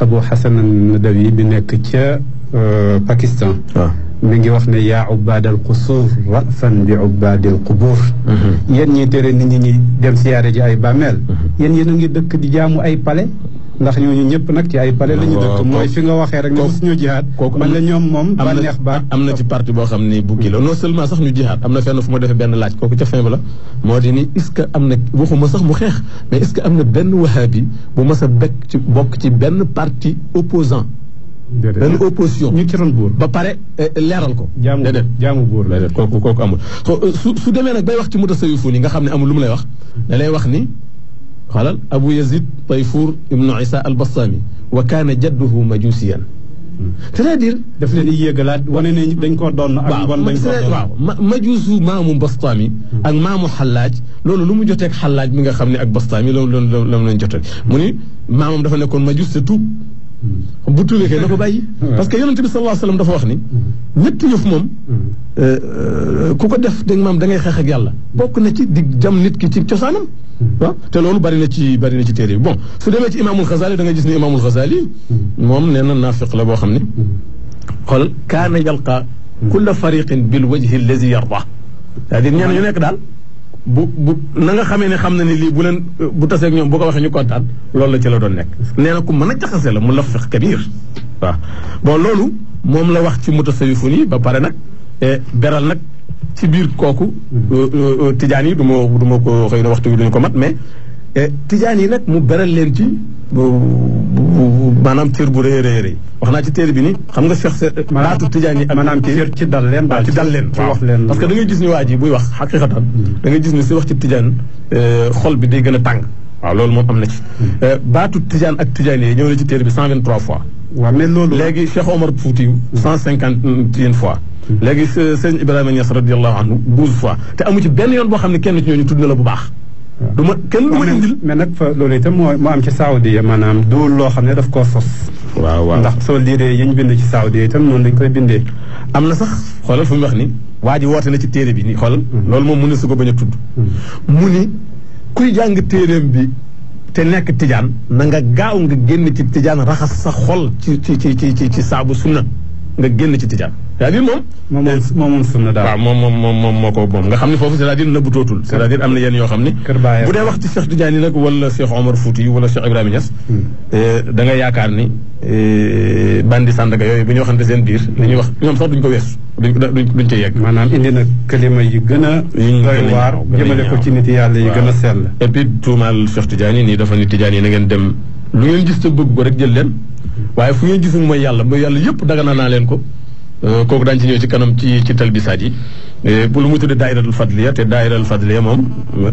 Abu Hasan an-Nadawi bi nekk ca euh, Pakistan. waaw mi ngi wax ne yaa ubbaadal qusuur rafan bi ubbaadil qubuur. Mhm. yéen ñiy tere nit ñi ñuy dem siyaare ji ay bàmmeel. Mhm. yéen yéen a ngi dëkk di jaamu ay pale. ndax ñooñu ñëpp nag ci ay pare la ñu dëkk mooy fi nga waxee rek ne mos ñoo jihaat man la ñoom moom bànneex ba am na ci parti boo xam ni bukki la non seulement sax ñu jihaat am na fenn fu ma defee benn laaj kooku ca fin ba la moo di ni est-ce que am na waxuma sax mu xeex mais est-ce que am na benn wahabi bu mas a bekk ci bokk ci benn parti opposant benn opposition ñu ci doon buur ba pare eh, leeral ko déedéet jaamu buur déedéet kooku kooku amul eh, su su demee nag bay wax ci mutasawwifuun yi nga xam ne amul lu mu lay wax da lay wax ni xoolal abu yazid tayfuur ibnu isa albassaami wa kaana jadduhu majusiyan c'est-à-dire daf leen di yëgalaat wane ne dañ koo doon ak bon bañ koo doon waaw majuusu maamu bastaami hmm. ak maamu xallaaj loolu lu mu joteeg xallaaj mi nga xam ne ak bastaami loolu loolu la mu leen joteeg mu ni maamam dafa nekkoon majuus te tuub bu tuubee kay na ko bàyyi. parce que yonent bi sallallahu alayhi wasallam dafa wax ni. ñett yëf moom. ku ko def dégg maam da ngay xeex ak yàlla. bokk na ci di jam nit ki ci cosaanam. ah te loolu bari na ci bari na ci téere bi bon su demee ci imaamul Xasaali da ngay gis ni imaamul Xasaali. moom nee na naafiq la boo xam ni. xool kaana yalqa. kulla fariqin bil wajhi allazi yarda. c'est-à-dire ñenn ñu nekk daal. bu bu na nga xamee ne xam na ne lii bu leen bu taseeg ñoom bu ko waxee ñu ko kontaan loolu la ci la doon nekk nee na ku mën a jaxase la mu la fex kabir waaw bon loolu moom la wax ci mutasawifun yi ba pare nag e, beral nag ci biir kooku mm. euh, euh, euh, tijaan yi du ma du ma ko xëy na waxtu wi duñu ko mat mais Eh, tijaan yi nag mu beral leen ci maanaam cër bu rëy rëy rëy wax naa ci téere bi ni xam nga seex baatu tijaan yi maanaam ci dal leen ci dal leen wax leen parce que da gis ni waa ji buy wax xaqiqatan hmm. da gis ni si wax ci tijaan eh, xol bi day gën a tàng waaw loolu moom am na ci hmm. eh, baatu tijaan ak tijaan yi ñëw na ci téer bi cent vingt trois fois waaw mais loolu léegi Cheikh Omar Fouti cent cinquante une fois hmm. léegi sëñ Ibrahima Niass radiallahu anhu douze fois te amu ci benn yoon boo xam ne kenn ci ñooñu tudd na la bu baax du ma kenn du ma indil fa loolu itam moo moo am ci saoudia maanaam du loo xam ne daf ko sos waaw waaw ndax soo liiree yi ñu bind ci saoudia itam noonu lañ koy bindee am na sax xoolal fu mu ni waa ji woote na ci téere bi ni xoolal mm-hmm. loolu moom mu ne su ko bañ a tudd mm-hmm. jàng téeréem bi te nekk tijaan na nga gaaw nga génn ci tijaan raxas sa xol ci ci ci ci ci saabu sunna nga génn ci tijaan c'est-à-dire moom. moom moom sunna moom moo ko moom nga xam ne foofu c'est-à-dire nëbbutootul cest à yoo xam ne. bu dee hmm. eh, nga yaakaar ni eh, bandi Sandaga yooyu bu ñu waxante seen biir li ñuy wax ñoom sax duñ ko weesu duñ duñ yegg. maanaam indi na kalima yi gën a. doy waar jëmale ci nit yàlla yi gën a sell. et puis tuumaal Cheikh Tidiane nii dafa ni Tidiane yi na ngeen dem lu ngeen gis te bëgg ko rek jël leen hmm. waaye fu ngeen gisul mooy yàlla mooy yàlla yëpp daga naa leen ko Euh, kooku daañu ci ñëw ci kanam ci ci talbisaat yi euh, bu lu mu tudd daayiratul fadliya te daayiratul fadliya moom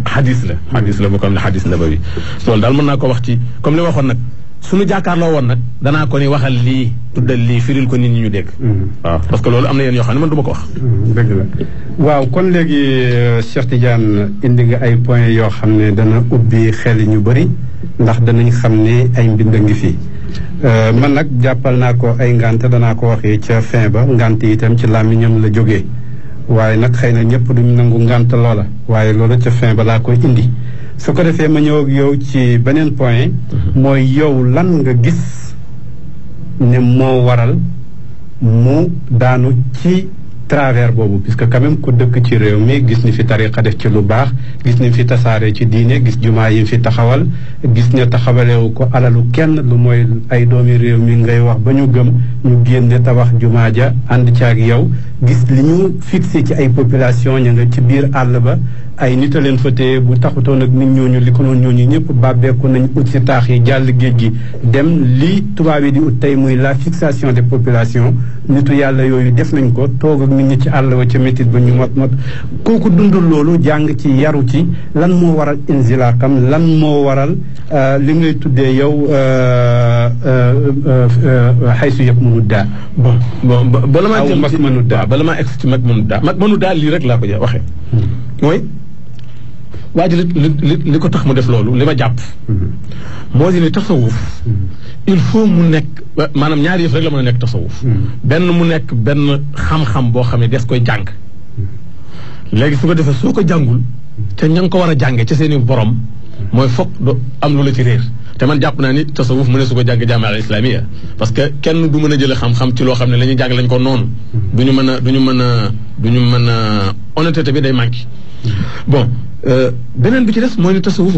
xadis la xadis la bu ko xam ne xadis nabawi loolu daal mën naa ko wax ci comme li ma waxoon nag suñu jàkkaarloo woon nag dana ko ni waxal lii tuddal lii firil ko nit ñi ñu dégg mm-hmm. waaw parce que loolu am na yéen yoo xam ne man du ko wax mm-hmm. dëgg la waaw kon léegi euh, Cheikh Tidiane indi nga ay point yoo xam ne dana ubbi xel ñu bëri ndax danañ xam ne ay mbind a ngi fii Euh, man nag jàppal naa ko ay ngante danaa ko waxee ca fin ba ngante itam ci làmmiñam la jóge waaye nag xëy na ñëpp duñ nangu ngante loola waaye loolu ca fin ba laa koy indi su ko defee ma ñëw yow ci beneen point mhm. mooy yow lan nga gis ne moo waral mu daanu ci travers boobu puisque quand même ku dëkk ci réew mi gis ni fi tariqa def ci lu baax gis ni fi tasaare ci diine gis juma yi fi taxawal gis ne taxawalewu ko alalu kenn lu mooy ay doomi réew mi ngay wax ba ñu gëm ñu génne tabax jumaa ja ànd ci ak yow gis li ñu fixé ci ay population ña nga ci biir àll ba ay nit a leen fa téye bu taxutoon ak nit ñooñu li ko noon ñooñu ñëpp bàbbeeku nañ ut si taax yi jàll géej gi dem li tubaab yi di ut tey muy la fixation des populations nitu yàlla yooyu def nañ ko toog nit ñi ci àll wa ca métit ba ñu mot mot kooku dundul loolu jàng ci yaru ci lan moo waral inzilaakam lan moo waral euh, li ngay tuddee yow xaysu yëpp mënu daa bon bon bala maa jëm mag mënu daa bala maa egg ci mag mënu daa mag mënu daa lii rek laa ko waxee hmm. waa ji li li li ko tax mu def loolu li ma jàpp. Mm-hmm. moo di ne tasawuf. Mm-hmm. il faut mu nekk maanaam ñaari yëf rek la mën a nekk tasawuf. Mm-hmm. benn mu nekk benn xam-xam boo xam ne des koy jàng. léegi su ko defee soo ko jàngul. te ña nga ko war a jàngee ci seen i borom. mooy foog do am lu la ci réer. te man jàpp naa ni tasawuf mu ne su ko jàng jaamaa al islamiya parce que kenn du mën a jële xam-xam ci loo xam ne la ñuy jàng lañ ko noonu. du ñu mën a du ñu mën a du mën a honnêteté bi day manqué. bon. Euh, beneen bi ci des mooy ni tasawuf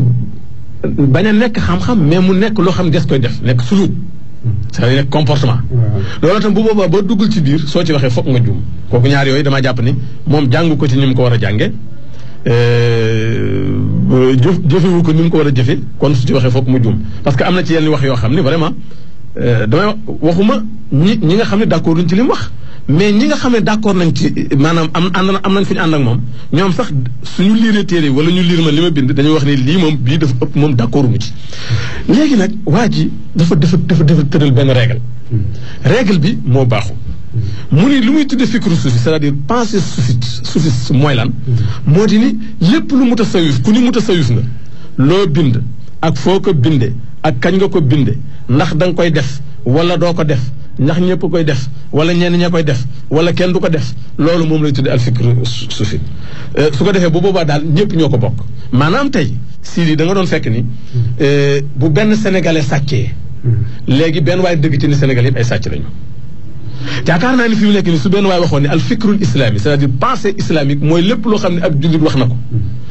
bañ a nekk xam-xam mais mu nekk loo xam des koy def nekk su c'est-à-dire nekk comportement loolu itam bu boobaa boo duggul ci biir soo ci waxee foog nga juum kooku ñaar yooyu dama jàpp ni moom jàngu ko ci ni mu ko war a jànge euh, jëf jëfewu ko ni mu ko war a jëfe kon su ci waxee foog mu juum parce que am na ci yenn wax yoo xam ni vraiment euh, damay waxuma ñi ñi nga xam ne d'accord ñu ci li wax mais ñi nga xam ne d'accord nañ ci maanaam am ànd am nañ fi ñu ànd ak moom ñoom sax suñu liiree téere wala ñu liir ma li ma bind dañuy wax ni lii moom bii dafa ëpp moom d'accord mu ci. léegi nag waa ji dafa dafa dafa dafa tëral benn règle. règle bi moo baaxu mu ni lu muy tuddee fikru suufi c'est-à-dire pensée suufite mooy lan. moo di ni lépp lu mutasawif ku ni mutasawif nga. loo bind ak foo ko binde ak kañ nga ko binde ndax da nga koy def wala doo ko def. ñax ñëpp koy def wala ñenn ña koy def wala kenn du ko def loolu moom lay tuddee alfikr sufi euh, su ko defee bu boobaa daal ñëpp ñoo ko bokk maanaam tey Sidi da nga doon fekk ni hmm. euh, bu benn sénégalais sàccee hmm. léegi benn waay dëgg ci ni sénégalais yëpp ay sàcc lañu yaakaar naa ni fi mu nekk ni su benn waay waxoon ne alfikrul islami c'est-à-dire pensée islamique mooy lépp loo xam ne ak jullit wax na ko hmm.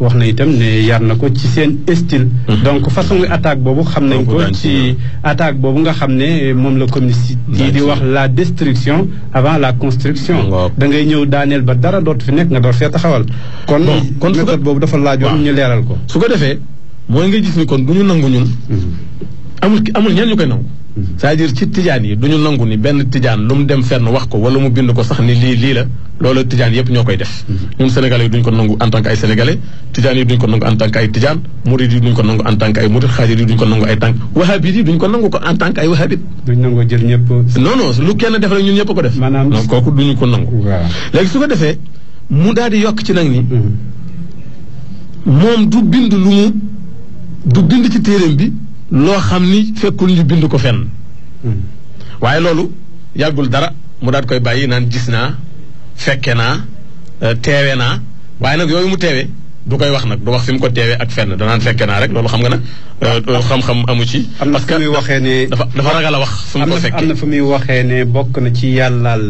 wax na itam ne yar na ko ci seen style. Mhm. donc façon attaque boobu xam nañ ko ci attaque boobu nga xam ne moom la communiste yi di wax la destruction avant la construction da ngay ñëw daaneel ba dara dootu fi nekk nga door fee taxawal kon kon méthode boobu dafa laajoon ñu leeral ko su ko defee mooy nga gis ni kon du ñu nangu ñun mhm. amul amul ñeen ñu koy nangu c'est-à-dire ci tijaan yi du ñu nangu ni benn tijaan lu mu dem fenn wax ko wala mu bind ko sax ni lii lii la loolu tijaan yëpp ñoo koy def mm-hmm. ñun sénégalais yi duñ ko nangu en tant que ay sénégalais tijaan yi duñ ko nangu en tant ay tijaan murid yi duñ ko nangu en tant que ay murid xaajir yi duñ ko nangu ay tànk ko nangu ko en tant que jël ñëpp non non lu kenn def rek ñun ñëpp ko def donc kooku duñu ko nangu léegi su ko defee mu daal di yokk ci nag ni mm-hmm. moom du bind lu mu du bind ci téeréem bi loo xam ni fekkul ñu bind ko fenn hmm. waaye loolu yàggul dara mu daat koy bàyyi naan gis naa fekke naa euh, teewe naa waaye nag yooyu mu teewe du koy wax nag du wax fi mu ko teewee ak fenn danaan fekke naa rek loolu xam nga na euh, xam-xam amu ci. am parce ne dafa dafa ragal a wax. fu mu ko fekkee am na fu muy waxee ne bokk na ci yàllaal.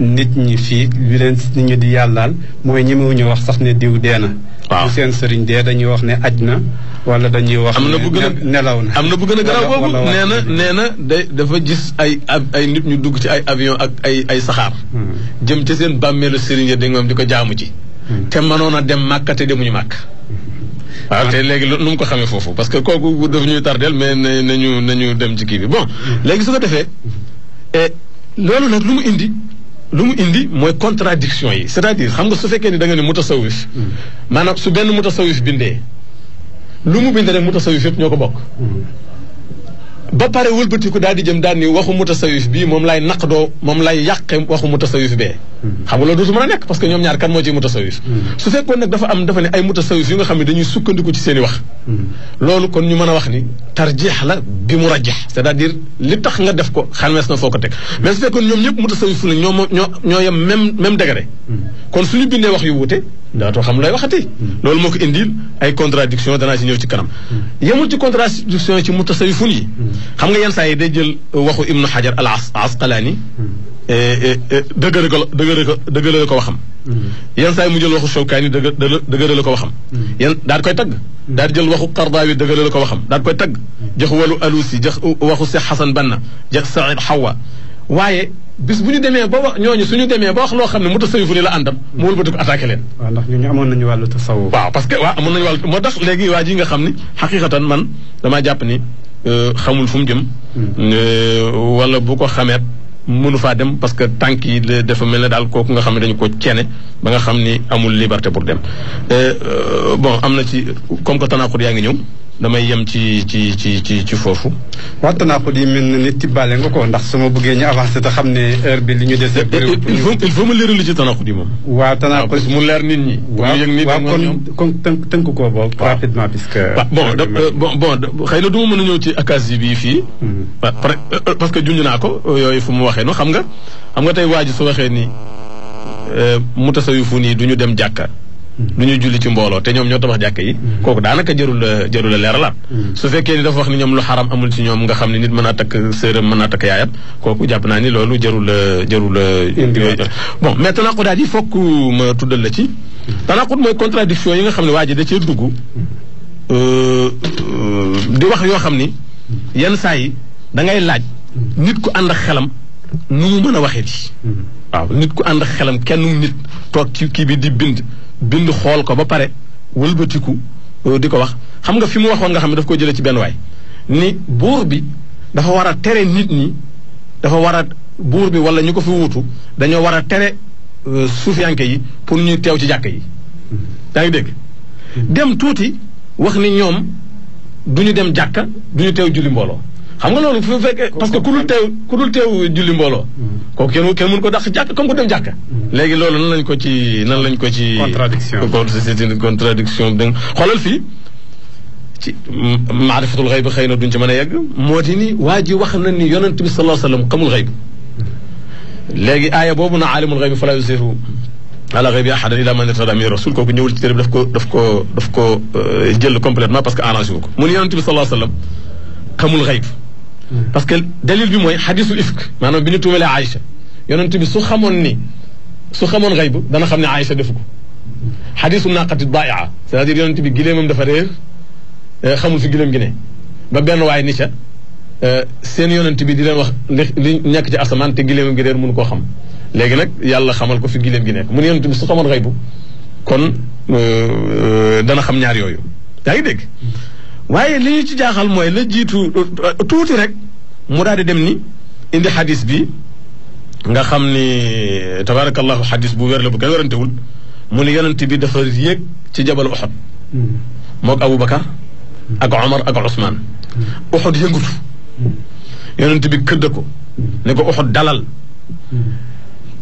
nit ñi fii li leen nit ñi di yàllaal mooy ñemewuñu wax sax ne diw dee na. waaw bu seen sëriñ de dañuy wax ne aj na wala dañuy wax. am na bu nelaw na am na bu gën a garaaw boobu nee na nee na day dafa gis ay ay nit ñu dugg ci ay avion ak ay ay saxaar. Hmm. jëm ca seen bàmmeelu sëriñ ya di moom di ko jaamu ci. Hmm. te mënoon a dem màkk te demuñu màkk. Hmm. waaw te léegi lu mu ko xamee foofu parce que kooku daf ñuy tardeel mais nañu nañu dem ci kii bi bon. léegi su ko defee eh, loolu nag lu mu indi. lu mu indi mooy contradiction yi c'est-à-dire xam nga su fekkee ni da nga ne mutasawif hmm. maanaam su benn mutasawif bindee lu mu bind rek mutasawif yëpp ñoo ko bokk hmm. ba pare wëlbatiku daal di jëm daal ni waxu mutasawif bii moom lay naqdoo moom lay yàqe waxu mutasawif bee Mm-hmm. xam nga loolu dootu mën a nekk parce que ñoom ñaar kan moo ciy mutasawif mm-hmm. su fekkoon nag dafa am dafa ne ay mutasawif yu nga xam ne dañuy sukkandiku ci seen i wax mm-hmm. loolu kon ñu mën a wax ni tarjix la bi mu rajix c'est-à-dire li tax nga def ko xalmees na foo ko ñoom ñoo ñoo yem même même degré kon bindee wax yu wuute daatoo xam lay waxati loolu yi xam nga yenn saa yi day jël waxu ibnu xajar al asqalaani eh, eh, eh, dëgg dëgërale ko dëgërale ko waxam. Mm-hmm. yenn saa yi mu jël waxu Shawkaani dëgë dëgërale ko waxam. Mm-hmm. yenn daal koy tagg. Mm-hmm. daal jël waxu Qardaawi dëgërale ko waxam daal koy tagg. jox walu Alusi jox waxu Seex Xasan Banna jox Saïd Xawa waaye bis bu ñu demee ba wax ñooñu suñu demee ba wax loo xam ne mu tasawuf ni la àndam mu wëlbati ko attaqué leen waaw ndax ñooñu amoon nañu wàllu tasawuf waaw parce amoon nañu wàllu moo tax léegi waa nga xam ni xaqiqatan man damaa jàpp ni euh, xamul fu mu jëm euh, wala bu ko xameet mënu faa dem parce que tànk yi dafa mel ne daal kooku nga xam ne dañu ko ceene ba nga xam ni amul liberté pour dem euh, bon am na ci comme que tanaaxut yaa ngi ñëw damay yem ci ci ci ci ci foofu. waxtu naa ko di mel ni tibbaale nga ko ndax sama buggee ñu avancé te xam ne heure bi li ñu dese. Eh, eh, il faut il faut ma ci tanaxu di moom. waaw ko ah, mu leer nit ñi. nit waaw kon kon tënk tënk ko boobu. rapidement puisque. Ah, euh, bon bon bon xëy na du ma mën a ñëw ci akaasi bii fii. Hmm. Ah, euh, euh, parce que junj naa ko yooyu fu mu waxee noonu xam nga xam nga tey waa ji su waxee ni fu nii du ñu dem jàkka. lu ñu julli ci mbooloo te ñoom ñoo tabax jàkk yi mm-hmm. kooku daanaka jarul la jarul la leeralaat mm-hmm. su fekkee ni dafa wax ni ñoom lu xaram amul ci ñoom nga xam ne nit mën naa takk sëram mën naa takk yaayam kooku jàpp naa ni loolu jarul la jarul la bon mais tanaqudaat yi fokk ma tuddal la ci mm-hmm. tanaqud mooy contradiction yi nga xam ne waa ji da cee dugg euh, di wax yoo xam ni yenn saa yi da ngay laaj nit ku ànd ak xelam nu mu mën a waxee ci waaw nit ku ànd xelam kenn nit toog ci kii bi di bind bind xool ko ba pare wëlbatiku euh, di ko wax xam nga fi mu waxoon nga xam ne daf ko jële ci benn waay ni buur bi dafa war a tere nit ñi dafa war a buur bi wala ñu ko fi wuutu dañoo war a tere euh, suufiyanke yi pour ñu teew ci jàkk yi yaa ngi dégg dem tuuti wax ni ñoom du ñu dem jàkk du ñu teew julli mbooloo xam nga loolu fu fekkee parce que ku dul teew ku dul teew julli mbooloo kooku kenn kenn mun ko dàq jàkk comme ko dem jàkk léegi loolu nan lañ ko ci nan lañ ko ci contradiction c'est une contradiction dégg xoolal fii ci maarifatul xayb xëy na duñ ci mën a yegg moo di ni waa ji wax na ni yonent bi sallallahu alayhi wasallam xamul xayb léegi aaya boobu na aalimul xayb fala yusiru ala xaybi ahadan ila man irtada min rasul kooku ñëwul ci téere bi daf ko daf ko daf ko jël complètement parce que arrangé wu ko mu ni yonent bi sallallahu alayhi wasallam xamul xayb parce que dalil bi moy hadithul ifk manam bi ñu tuumalee Aïcha yonent bi su xamone ni su xamone ghaib dana xam aisha defuko defu naqati daia c'est-à-dire yonent bi gileemam dafa réer xamul fi gilem gi ne ba ben way ni ca seen yonent bi di len wax li ñek ci asman te gileemam gi réer mu ko xam léegi nak yàlla xamal ko fi gilem gi nek mu ne yonent bi su xamone ghaib kon dana xam ñaar yoyu yaa deg waye li ci jaxal moy la jitu touti rek mu dadi dem ni indi hadith bi nga xamni tabarakallah hadith bu wér la bu kenn werantewul mu ni yonent bi dafa yek ci jabal Uhud mok abou Aboubacar ak Omar ak usman Uhud yëngutu yonent bi keddako ne ko Uhud dalal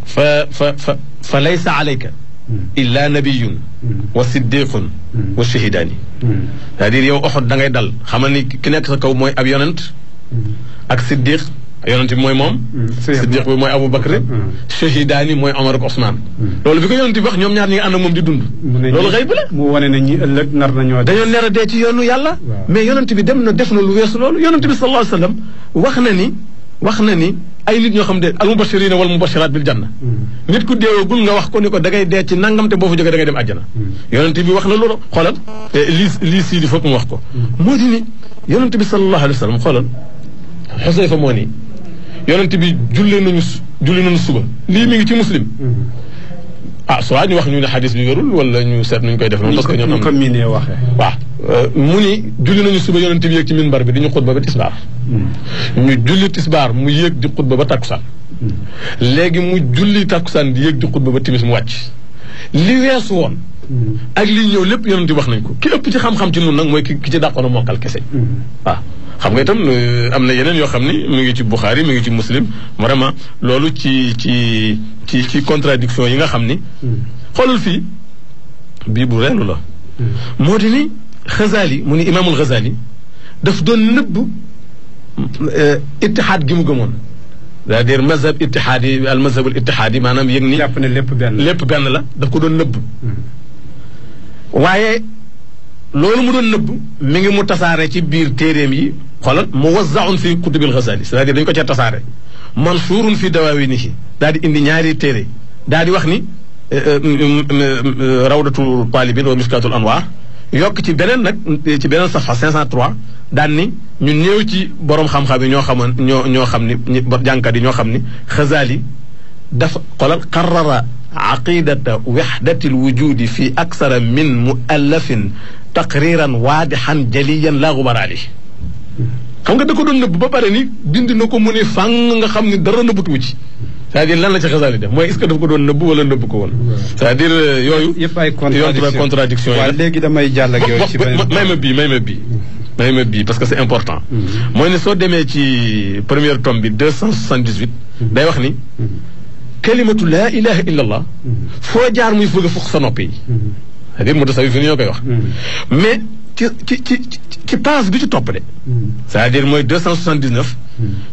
fa fa fa fa laysa alayka illa nabiyun wa siddiqun wa shahidaani c'est-à-dire yow oxot da ngay dal xamal ni ki nekk sa kaw mooy ab yonent ak siddiq yonent bi mooy moom siddiq bi mooy abou bakr shahidaani mooy omar ak ousmane loolu bi ko yonent bi wax ñoom ñaar ñi nga ànd ak moom di dund loolu xëy bu la mu wane na ñi ëllëg nar nañoo dañoo nar a dee ci yoonu yàlla mais yonent bi dem na def na lu weesu loolu yonent bi sallallahu alayhi wa sallam wax na ni wax na ni ay nit ñoo xam ne al mubashirina wal mubashirat bil janna nit ku deewagul nga wax ko ni ko da ngay dee ci nangam te boo fa jógee da ngay dem àjjana yonente bi wax na loolu xoolal lii lii sii di foog mu wax ko moo di ni yonente bi sallallahu alayhi wa sallam xoolal xusayfa moo nii yonente bi julli nañu julli nañu suba lii mi ngi ci muslim ah soit ñu wax ñu ne xadis bi wérul wala ñu seet nuñ koy def noonu parce que ñoom am waaw Euh, mu ni julli nañu suba yonente bi yéeg ci minbar bi di ñu xutba ba tisbaar hmm. ñu julli tisbaar mu yéeg di xutba ba takkusaan hmm. léegi mu julli takkusaan di yéeg di xutba ba timis mu wàcc li weesu woon hmm. ak li ñëw lépp yonente bi wax nañ ko ki ëpp ci xam-xam ci nun nag mooy ki ci dàqoon mokkal kese waaw xam nga itam euh, am na yeneen yoo xam ni mu ngi ci Bukhari mu ngi ci Muslim vraiment loolu ci ci ci ci contradiction yi nga xam ni xolul fii bii bu reelu la Xazaali mu ni imaamul Xazaali daf doon nëbb ittihaad gi mu gëmoon c'est-à-dire mazhab ittihaad yi al mazhabul ittihaad yi maanaam yëg ni. jàpp ne lépp benn la lépp benn la daf ko doon nëbb. waaye loolu mu doon nëbb mi ngi mu tasaare ci biir téeréem yi xoolal mu wazaun fi kutubil Xazaali c'est-à-dire dañu ko cee tasaare. mansuurun fi dawaawinihi daal di indi ñaari téere daal di wax ni. rawdatul taalibin wa miskaatul anwaar yokk ci beneen nag ci beneen safa 503 daan ñu néew ci borom xam-xam yi xam ni ñi jànkat yi ñoo xam ni xasaali dafa xolal عقيدة وحدة الوجود في أكثر من مؤلف تقريرا واضحا جليا لا غبار عليه xam nga da ko doon nëbb ba pare ni dindi na ko fàng nga xamni ni dara nëbbutu ci c'est-à-dire lan la ci xasaali def mooy est-ce que daf ko doon nëbb wala nëbb ko woon c'est-à-dire euh, yooyu yëpp ay contradiction yi waaw léegi damay jàll ak yooyu ci beneen may ma bii may ma bii may ma bii parce que c'est important mhm. mooy ne soo demee ci premier tome bi deux cent soixante-dix-huit mhm. day wax ni mhm. kalimatu laa ilaha illa allah foo jaar muy bëgg a fukk sa nopp yi c'est-à-dire mu tasawif ñoo koy wax mais ci ci ci ci paas bi ci topp de. Hmm. c'est-à-dire mooy 279.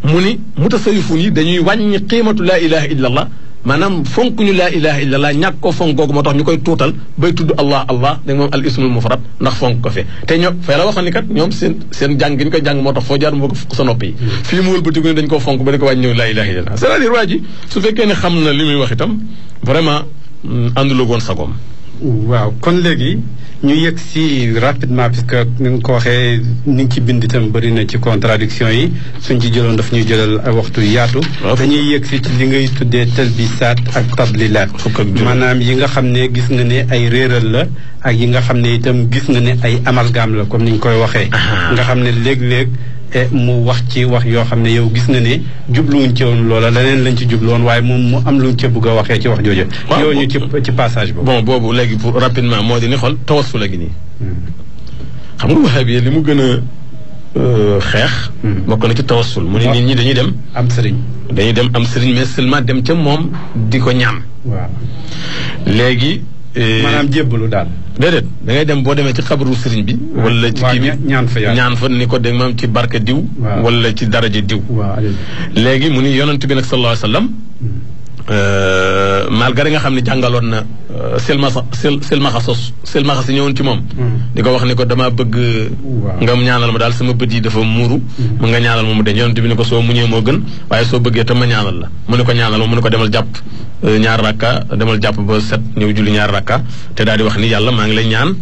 mu ni mutasawifun yi dañuy wàññi qiimatu laa ilaha illa allah maanaam ñu laa ilaha illa allah ñàkk ko fonk googu moo tax ñu koy tuutal bay tudd allah allah da moom al ismul mufrad ndax fonk ko fe te ñoo fay la waxoon ni kat ñoom seen seen jàng gi ñu koy jàng moo tax foo jaar moo ko fukk sa nopp yi hmm. fii mu wëlbatiku ne dañu koo fonk ba di ko wàññi laa ilaha illa allah cest à waa ji su fekkee ne xam na li muy wax itam vraiment mm, àndulagoon sagoom waaw kon léegi ñu yëg si rapidement puisque ni nga ko waxee ni ngi ci bind itam bëri na ci contradiction yi suñ ci jëloon daf ñuy jëlal ay waxtu yaatu dañuy yëg si ci li ngay tuddee talbisaat ak tablilaat maanaam yi nga xam ne gis nga ne ay réeral la ak yi nga xam ne itam gis nga ne ay amalgame la comme ni ñu koy waxee. nga xam ne léeg-léeg eh, mu wax ci wax yoo xam ne yow gis nga ne jubluwuñ ci woon loola leneen lañ ci jubluwoon waaye moom mu am luñ ca bëgg a waxee ci wax jooju. waaw ñu ci passage boobu. boobu léegi pour rapidement moo di ni xool tawassul gi nii. Hmm. xam nga waxee bi li mu gën a euh, xeex. Hmm. bokk na ci tawassul mu ne nit ñi dañuy dem. am sëriñ. dañuy dem am sëriñ mais seulement dem ca moom di ko ñaan. waaw léegi. Eh, maanaam jébbalu daal. déedéet da ngay dem boo demee ci xabaru sëriñ bi. wala ci kii ñaan fa ñaan fa ni ko dégg maam ci barke diw. wala ci daraja diw. léegi mu ni yonent bi nag sallallahu alayhi wa Euh, malgré nga xam ne jàngaloon na euh, silmaxa silmaxa sos silmaxa si ñëwoon ci moom hmm. di ko wax ni ko dama bëgg nga ñaanal ma daal sama bët yi dafa muuru mu hmm. nga ñaanal ma mu ne ko soo muñee moo gën waaye soo bëggee tam ma ñaanal la mu ne ko ñaanal ma mu ne ko demal jàpp euh, ñaar rakka demal jàpp ba set ñëw julli ñaari rakka te daal di wax ni yàlla maa ngi lay ñaan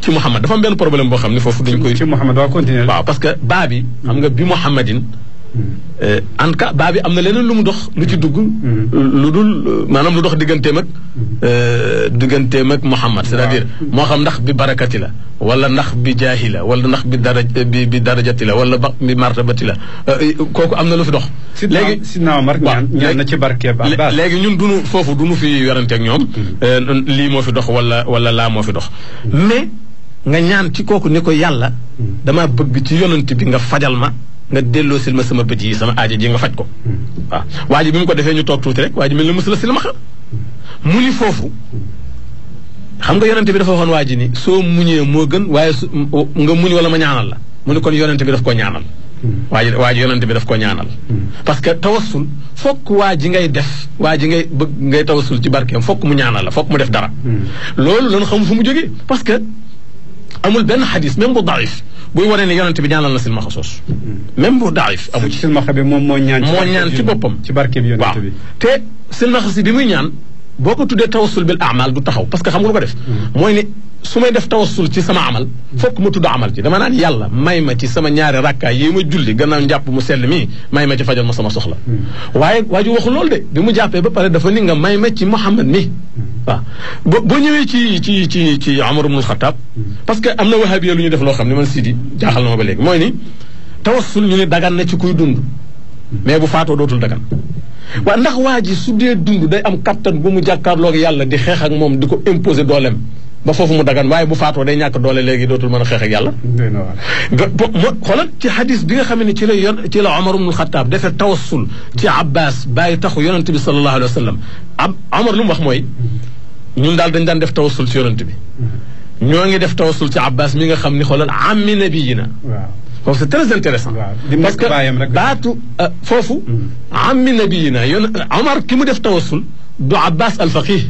ci Muhammad dafa am benn boo xam ne foofu dañ koy ci Muhammad waaw continuer waaw parce que baa bi xam nga bi Muhammadin Euh, en cas baa bi am na leneen lu mu dox lu ci dugg. Mm-hmm. lu dul maanaam lu dox digganteem ak. Mm-hmm. Euh, digganteem ak Muhammad c'est-à-dire moo xam ndax bi barakati la wala ndax bi jaahi la wala ndax bi daraj bi bi darajati la wala ba bi martabati la euh, kooku am na lu fi dox. léegi si naaw mar ñaan na ci barke ba léegi ñun duñu foofu duñu fi werante ak ñoom. Mm-hmm. lii moo fi dox wala wala laa moo fi dox mais nga ñaan ci kooku ni ko yàlla. dama bëgg ci yonent bi nga fajal ma. nga delloo sil ma sama bët yi sama aajo ji nga faj ko hmm. waaw waa ji bi mu ko defee ñu toog tuuti rek waa ji mel na mësula silmaxa mu ni foofu xam nga yonente bi dafa waxoon waa ji ni soo mu muñee moo gën waaye su nga muñ wala ma ñaanal la mu ni kon yonente bi daf ko ñaanal hmm. waa ji waa ji yonente bi daf koo ñaanal hmm. parce que tawassul fokk waa ji ngay def waa ji ngay bëgg ngay tawassul ci barkeem fokk mu ñaanal la fokk mu def dara loolu loolu xam fu mu jógee parce que amul benn xadis même bu daif buy wane ne yonent bi ñaanal na silmaxa soos mm-hmm. même bu daif amu ci silmaxa bi moom moo ñaan moo ñaan ci boppam ci barke bi yonent bi te silmaxa si bi muy ñaan boo ko tuddee tawassul bil amal du taxaw parce que xam nga lu ko def mm-hmm. mooy ne su may def tawassul ci sama amal fokk mu tudd amal ci dama naan yàlla may ma ci sama ñaari rakkaa yi ma julli gannaaw njàpp mu sell mi may ma ci fajal ma sama soxla hmm. waaye waa ji waxu loolu de bi mu jàppee ba pare dafa ni nga may ma ci Muhammad mi hmm. waa bo boo ñëwee ci ci ci ci Amar ibn Khattab hmm. parce que am na wahabiya lu ñu def loo xam ne man Sidi jaaxal na ma ba léegi mooy ni tawassul ñu ne dagan na ci kuy dund mais bu faatoo dootul dagan ndax waa ji su dee day am kattan bu mu jàkkaarloog yàlla di xeex ak moom di ko imposer dooleem ba foofu mu dagan waaye bu faatoo day ñàkk doole léegi dootul mën a xeex ak yàlla xoolal ci xadis bi nga xam ci la ci la Omar ibnul Xataab defee tawassul ci Abbas bay taxu yonent bi sallallahu alayhi wasallam sallam ab Omar lu mu wax mooy ñun daal dañ daan def tawassul ci yonent bi ñoo ngi def tawassul ci Abbas mi nga xam ni xoolal ammi nabiyina waaw c'est très intéressant parce que baatu foofu ammi nabiyina yoon Omar ki mu def tawassul du Abbas al faqih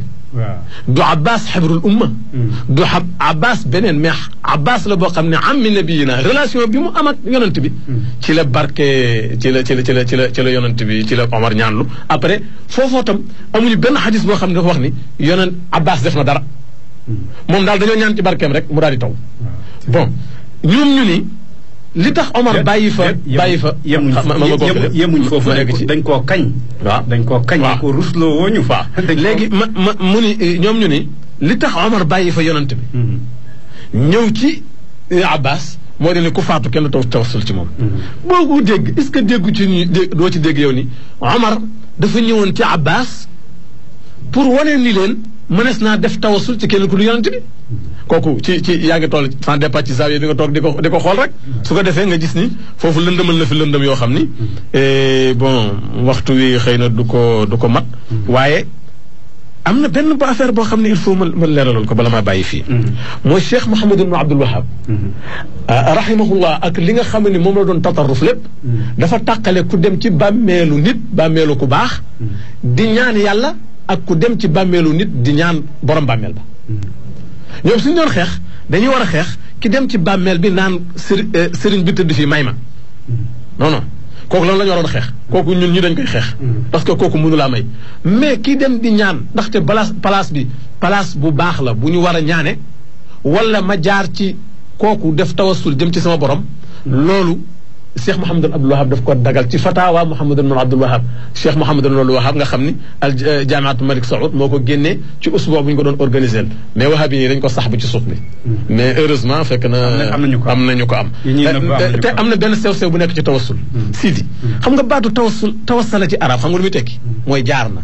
du abbas xabrul umma hmm. du ab abbas beneen mais abbas la boo xam ne ammi nabiyina relation bi mu am ak yonent bi hmm. ci la barke ci la ci la ci la ci la ci la yonent bi ci la omar ñaanlu après foofoo tam amuñu benn xadis boo xam ne dafa wax ni yonent abbas def na dara hmm. moom daal dañoo ñaan ci barkeem rek mu daal di taw bon ñoom ñu ni li tax Omar bàyyi fa bàyyi fa. yemuñ yemuñ ci dañ koo kañ. waaw dañ koo kañ. waaw ko rusloo woo ñu. waaw léegi ma ma mu ni eh, ñoom ñu ni. li tax Omar bàyyi fa yonent bi. Mm-hmm. ñëw ci eh, Abbas moo di ne ku faatu kenn taw tawassul ci moom. Mm-hmm. boo ko dégg est-ce que déggu ci ñu dé doo ci dégg yow ni Omar dafa ñëwoon ci Abbas. pour wane ni leen mënees naa def tawasul ci kenn ku dul yonent bi kooku ci ci yaa ngi toll sans départ ci saa yi di nga toog di ko di ko xool rek su ko defee nga gis ni foofu lëndëmal na fi lëndëm yoo xam ni e, bon waxtu wi xëy na du ko du ko mat waaye am na benn ba affaire boo xam ne il faut ma ma leeraloon ko bala maa bàyyi fii mm-hmm. mooy Cheikh Mouhamadou ibn Abdoul Wahab mm-hmm. ah, rahimahullah ak li nga xam ni moom la doon tatarruf lépp mm-hmm. dafa tàqale ku dem ci bàmmeelu nit bàmmeelu ku baax di ñaan yàlla ak ku dem ci bàmmeelu nit di ñaan borom bàmmeel ba ñoom suñ doon xeex dañuy war a xeex ki dem ci bàmmeel bi naan euh, sëriñ bi tëdd fii may ma non non kooku loolu la ñu waroon xeex kooku ñun ñu dañ koy xeex parce que kooku mënu may mais kii dem di ñaan ndaxte place place bi place bu baax la bu ñu war a ñaane wala ma jaar ci kooku def tawassul dem ci sama borom loolu cheikh Mouhamadul Abdoul Wahab daf ko dagal ci fatawa Mouhamadul Nour Abdoul Wahab cheikh Mouhamadul Nour Wahab nga xam ni al jaamiatu Malik Saoud moko genné ci usboo buñ ko don organiser mais wahabi ni dañ ko sax bu ci suuf mais heureusement fek na. am nañu ko am te amna ben sew sew bu nek ci tawassul. sidi xam nga baatu tawassul tawassala ci arab xam nga lu muy tekki. mooy jaar na.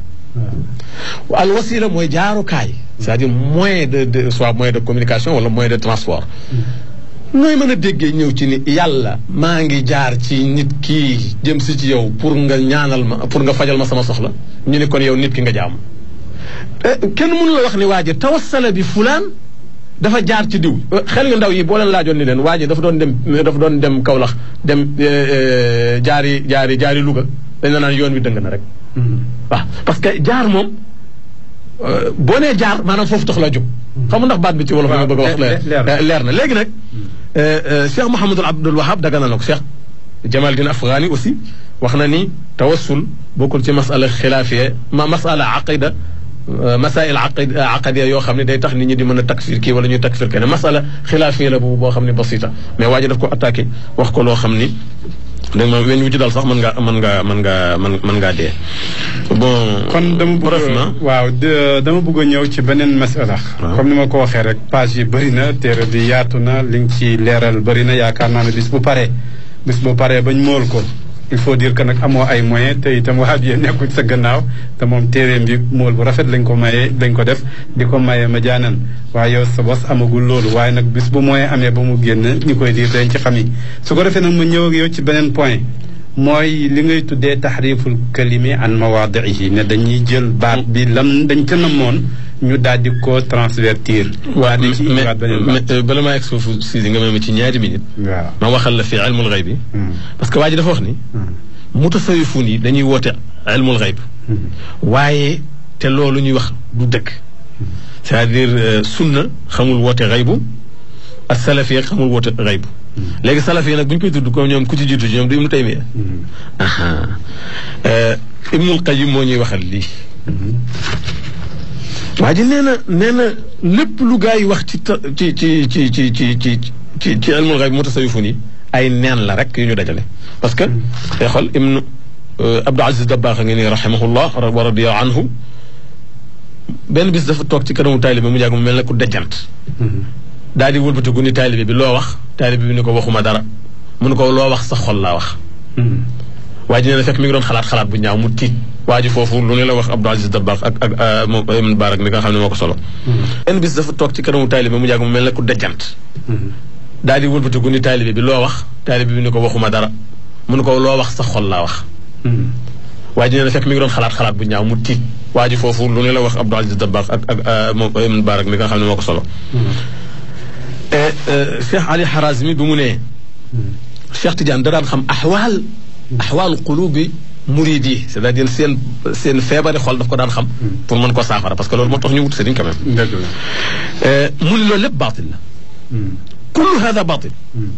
al wasila moy jaaru kay c'est-à-dire moyen de soit moyen de communication wala moyen de transport. nooy mën a déggee ñëw ci ni yàlla maa ngi jaar ci nit kii jëm si ci yow pour nga ñaanal ma pour nga fajal ma sama soxla ñu ne kon yow nit ki nga jaam eh, kenn mënu la wax ni waa ji tawassala bi fulaan dafa jaar ci diw eh, xel yu ndaw yi boo leen laajoon ni leen waa ji dafa doon dem dafa doon dem Kaolack dem eh, jaari jaari jaari Louga dañ la naan yoon wi dëng na rek hmm. waaw parce que jaar moom boo nee jaar maanaam foofu tax la jóg. xam ndax baat bi ci wolof la bëgg wax. leer leer na léegi nag. Cheikh Mouhamadul Abdul Wahab daga na ko Cheikh. Jamal Din Afghani aussi wax na ni tawassul bokul ci masala xilaafiya ma masala aqida masail aqadiya yoo xam ne day tax nit ñi di mën a takfir kii wala ñuy takfir kenn masala xilaafiya la boobu boo xam ne basita mais waa ji daf ko attaqué wax ko loo xam dégg nga weñ wu ci daal sax mën ngaa mën ngaa man ngaa mën ngaa dee. bon kon dama bëgg waaw dama bëgg a ñëw ci beneen masala comme ni ma ko waxee rek page yi bëri na téere bi yaatu na li nga ci leeral bëri na yaakaar naa ne bis bu paree bis bu paree bañ mool ko il faut dire que nag amoo ay moyens te itam waxaat yéen nekkuñ sa gannaaw te moom téeréem bi mool bu rafet lañ ko mayee lañ ko def di ko mayee ma jaanan waaye yow sa bos amagul loolu waaye nag bis bu moyen amee ba mu génn ñi koy diir dañ ci xam yi su ko defee nag mu ñëw ak yow ci beneen point mooy li ngay tuddee taxriful kalimi an mawaadihi ne dañuy jël baat bi lam dañ ca namoon ñu daal di ko transvertir. waaw mais euh, bala maa yegg foofu si nga may ma ci ñaari minute waaw ma waxal la fi ilmul xayb bi. Hmm. parce que waa ji dafa wax ni. Hmm. mutasawifun yi dañuy woote ilmul xayb. Hmm. waaye te loolu ñuy wax du dëkk. c'est-à-dire euh, sunna xamul woote xaybu ak salafiya xamul woote xaybu. léegi salafiya nag buñ koy tudd ko ñoom ku ci jiitu ci ñoom du Ibnu Taymiya. Euh, Ibnul Qayyim moo ñuy waxal lii. waa ji nee na nee na lépp lu gaa yi wax ci ci ci ci ci ci ci ci ci ci xayb bi mu tasawufoon yi ay neen la rek yu ñu dajale parce que tey xool ibnu euh, Abdou Aziz Dabbaax a ngi nii rahimahullah wa radiya anhu benn bis dafa toog ci kanamu taalibe mu jàgg mu mel ne ku dejjant mm-hmm. daal di wëlbatiku ni taalibe bi loo wax taalibe bi ni ko waxuma dara mu ne ko loo wax sa xol laa wax mm-hmm. waa ji nee na fekk mi ngi doon xalaat xalaat bu ñaaw mu tiit waa ji foofu lu ne la wax Abdou Aziz Dabakh ak ak moom Ibn Barak mi nga xam ne moo ko solo. benn bis dafa toog ci kanamu taalibe mu jàng mu mel ne ku dajjant. daal di wëlbatiku ni taalibe bi loo wax taalibe bi ni ko waxuma dara mu ne ko loo wax sa xol laa wax. waa ji nee na fekk mi ngi doon xalaat xalaat bu ñaaw mu tiit waa ji foofu lu ne la wax Abdou Aziz Dabakh ak ak moom Ibn Barak mi nga xam ne moo ko solo. Cheikh Ali Harazmi bi mu ne. Cheikh Tidiane da daan xam ahwaal. axwaalu qulubi murid yi c'est-à-dire seen seen feebari xol daf ko daan xam pour mën ko saafara parce que loolu moo tax ñu wut sëriñ quand même euh, mu ni loolu lépp baatil la hmm. kullu hada baatil hmm.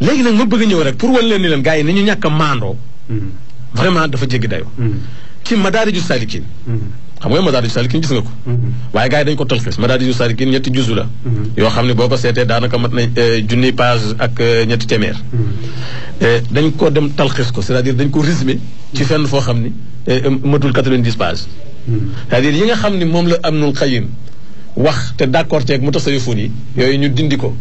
léegi nag ma bëgg a ñëw rek pour wan leen ni leen gars yi ni ñu ñàkk a maandoo hmm. vraiment dafa jéggi dayo ci madaariju saalikiin xam nga madaariju saalikin gis nga ko mm-hmm. waaye gars yi dañu ko talxiis madaariju saalikin ñetti juzu la mm-hmm. yoo xam ne boo ko seetee daanaka mat na euh, junni page ak euh, ñetti téeméer mm-hmm. euh, dañ ko dem talxiis ko c'est-à-dire dañ ko résumé ci fenn foo xam ni matul 90 pages c'est-à-dire yi nga xam ni moom la Ibnul Qayyim wax te d'accord ceeg mu tax sa yëfuun yi yooyu ñu dindi ko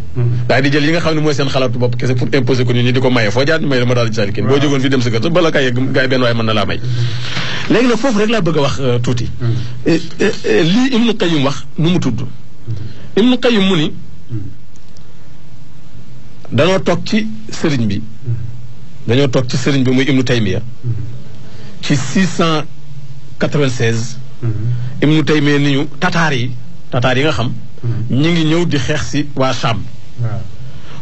daal mm-hmm. di jël yi nga xam ne mooy seen xalaatu bopp kese pour imposer ko nit ñi di ko maye foo jaar ñu may la ma daal di saalikin boo jógoon fi dem sa kër sa bala kaay yegg gars yi benn na may léegi nag foofu rek laa bëgg a wax euh, tuuti mm-hmm. lii Ibnu Qayyim wax nu mu tudd mm-hmm. Ibnu mu ni danoo toog ci sëriñ bi dañoo toog ci sëriñ bi muy Ibnu Taymiya ci 696 Ibnu Taymiya ni ñu tataar yi tataar yi nga xam mm-hmm. ñi ngi ñëw di xeex si waa Saam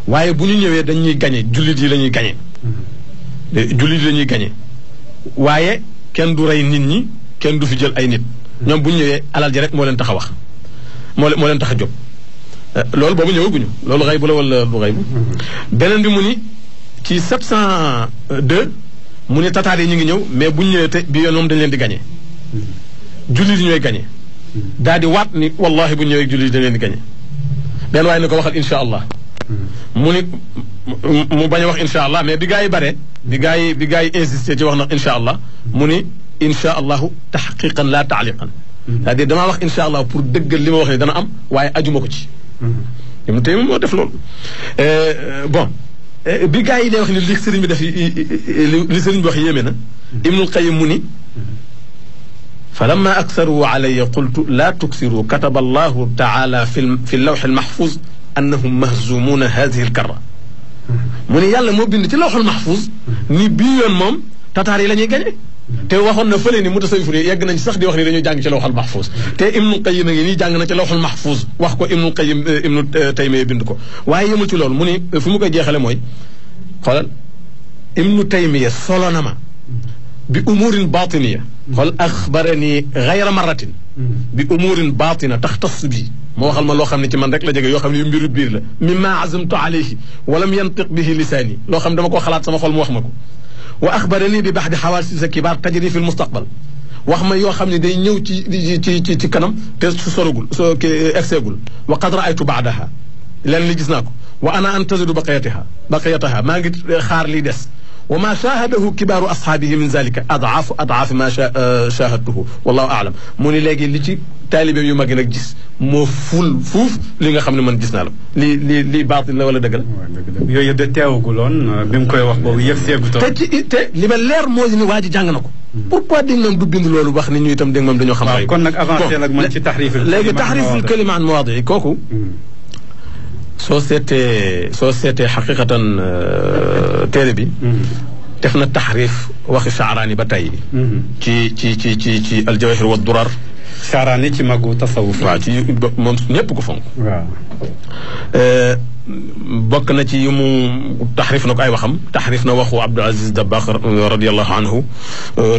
waaye bu ñu ñëwee dañuy gañe jullit yi la ñuy gañe mm-hmm. eh, jullit yi la ñuy gañe waaye kenn du rey nit ñi kenn du fi jël ay nit mm-hmm. ñoom bu ñu ñëwee alal ji rek moo leen tax a wax moo moo leen tax a jóg eh, loolu boobu ñëwaguñu loolu xay bu la wala bu xay bu beneen bi mu ni ci 702 mu ni tataar yi ñu ngi ñëw mais bu ñu ñëwee te bi yoon moom dañu leen di gañe jullit yi ñooy gañe daal di waat ni wallahi bu ñëwee jullit da leen di gañe benn waaye ni ko waxal insha allah mu ni mu bañ a wax insha allah mais bi gaa yi bare bi gaa yi bi gaa yi insisté ci wax na insha allah mu ni insha allahu taxqiqan laa taaliqan c'est-à-dire damaa wax insha allah pour dëggal li ma wax ne dana am waaye ajuma ko ci Ibnu Taymiya moo def loolu bon bi gaa yi dee wax ni li sëriñ bi def li sëriñ bi wax yéeme na Ibnul Qayyim mu ni فلما أكثروا علي قلت لا تكثروا كتب الله تعالى في, في اللوح المحفوظ أنهم مهزومون هذه الكرة من يلا مو بنت اللوح المحفوظ نبيا مم تتاري لن يجري تي واخون نفلي ني متصوي فري يغ نان سخ دي واخني دانيو جانغ سي لوح المحفوظ تي ابن القيم ني جانغ نان سي المحفوظ واخكو ابن القيم ابن تيميه بندكو واي يمل سي لول موني فمو كاي جيهال موي خولال ابن تيميه صلونما بأمور باطنية قال أخبرني غير مرة بأمور باطنة تختص بي ما خل ما لو خمني كمان ركلا جاي يخمني يمبر بير مما عزمت عليه ولم ينطق به لساني لو دمك وخلات سما خل موخمكو وأخبرني ببعض حوادث كبار تجري في المستقبل وخم يو خمني دي نيو تي تي تي تي كنم تيست سورغول سو كي وقد رايت بعدها لان لي وانا انتظر بقيتها بقيتها ما خار لي دس وما شاهده كبار اصحابه من ذلك اضعاف اضعاف ما شا... آه، شاهده والله اعلم مون ليغي لي طالب يو ماغي نك جيس مو فول فوف ليغا خامني مان جيسنا لي لي لي باطل ولا دغلا يو يد تيو غولون بيم كوي واخ بو يف سيغو تو تي تي لي لير موزي ني وادي جانغ نكو بوركو دي نام دوبين لولو واخ ني نيو تام ديغ مام دانيو خام كون نك افانسي نك مان سي تحريف الكلمه تحريف الكلمه عن مواضعي كوكو سوسيتي حقيقة تيربي تفنى التحريف وخي شعراني بتاي تي تي تي تي تي الجواهر والدرر شعراني تي مغو تصوف نيب كفون bokk na ci yu mu taxrif na ko ay waxam taxrif na waxu Abdou Aziz Dabakh radiyallahu anhu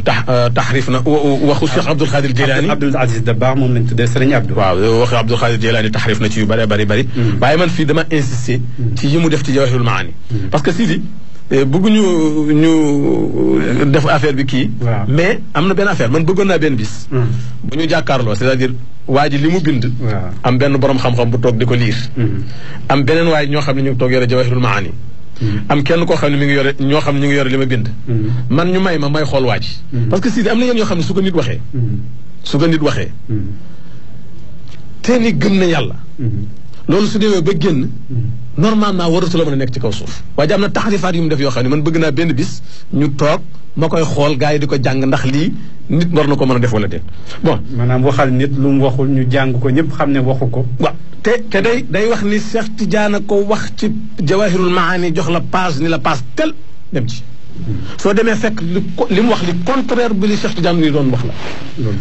tax taxrif na waxu Cheikh Abdoul Khadir Jilani Abdoul Aziz Dabakh moom lañ tuddee Serigne Abdou. waaw waxu Abdoul Khadir Jilani taxrif na ci yu bëree bëri bëri. waaye man fii dama insister. ci yi mu def ci Jawahirul Maani. parce que si Euh, bëgguñu ñu def affaire bi kii. mais am na benn affaire man bëggoon naa benn bis. Hmm. bu ñu jàkkaarloo c'est-à-dire waa ji li mu bind. am benn borom xam-xam bu toog di ko liir. Hmm. am beneen waay ñoo xam ne ñu ngi toog yore jawahirul maani hmm. am kenn koo xam ne mi ngi yore ñoo xam ne ñu ngi yore li ma bind. man ñu may ma may xool waa parce que si am na yéen ñoo xam ne su ko nit waxee. su ko nit waxee. te ni gëm na yàlla. loolu su demee ba génn normalement waratu la mën a nekk ci kaw suuf waaye am na taxarifaat yu mu def yoo xam ne man bëgg naa benn bis ñu toog ma koy xool gars yi di ko jàng ndax lii nit war na ko mën a def wala déet bon. maanaam waxal nit lu mu waxul ñu jàng ko ñëpp xam ne waxu ko. waaw te te day day wax ni Cheikh Tidiane ko wax ci Jawahirul Maani jox la page ni la page tel dem ci. soo demee fekk li mu wax li contraire bi li Cheikh Tidiane li doon wax la.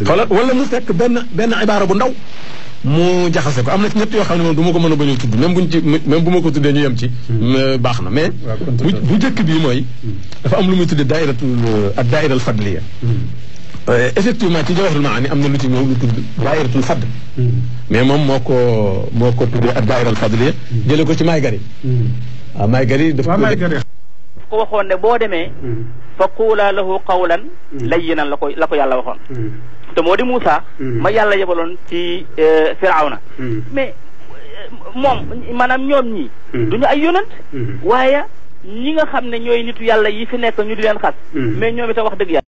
wala wala mu fekk benn benn ibaara bu ndaw. mu jaxase ko am na ci ñett yoo xam ne moom du ma ko mën a bañ a tudd même buñ ci même bu ma ko tuddee ñu yem ci hmm. euh, baax na mais bu njëkk bi mooy hmm. dafa am lu muy tuddee daairatul ak euh, daairal fadliya hmm. euh, effectivement ci jawahirul maani am na lu ci ñëw lu tudd daayiratul fadl mais moom moo ko moo ko tuddee ak daairatul fadliya jële ko ci maay gari ah, waaw maay gari dafa ko waxoon ne boo demee hmm. fa quulaa lahu qawlan hmm. layyinan la ko la ko yàlla waxoon hmm. te moo di Moussa ma yàlla yebaloon ci eh, Firawna mais moom maanaam ñoom ñii duñu ay yonant waaye ñi nga xam ne ñooy nit yàlla yi fi nekk ñu di leen xas mais ñoom itam wax dëgg yàlla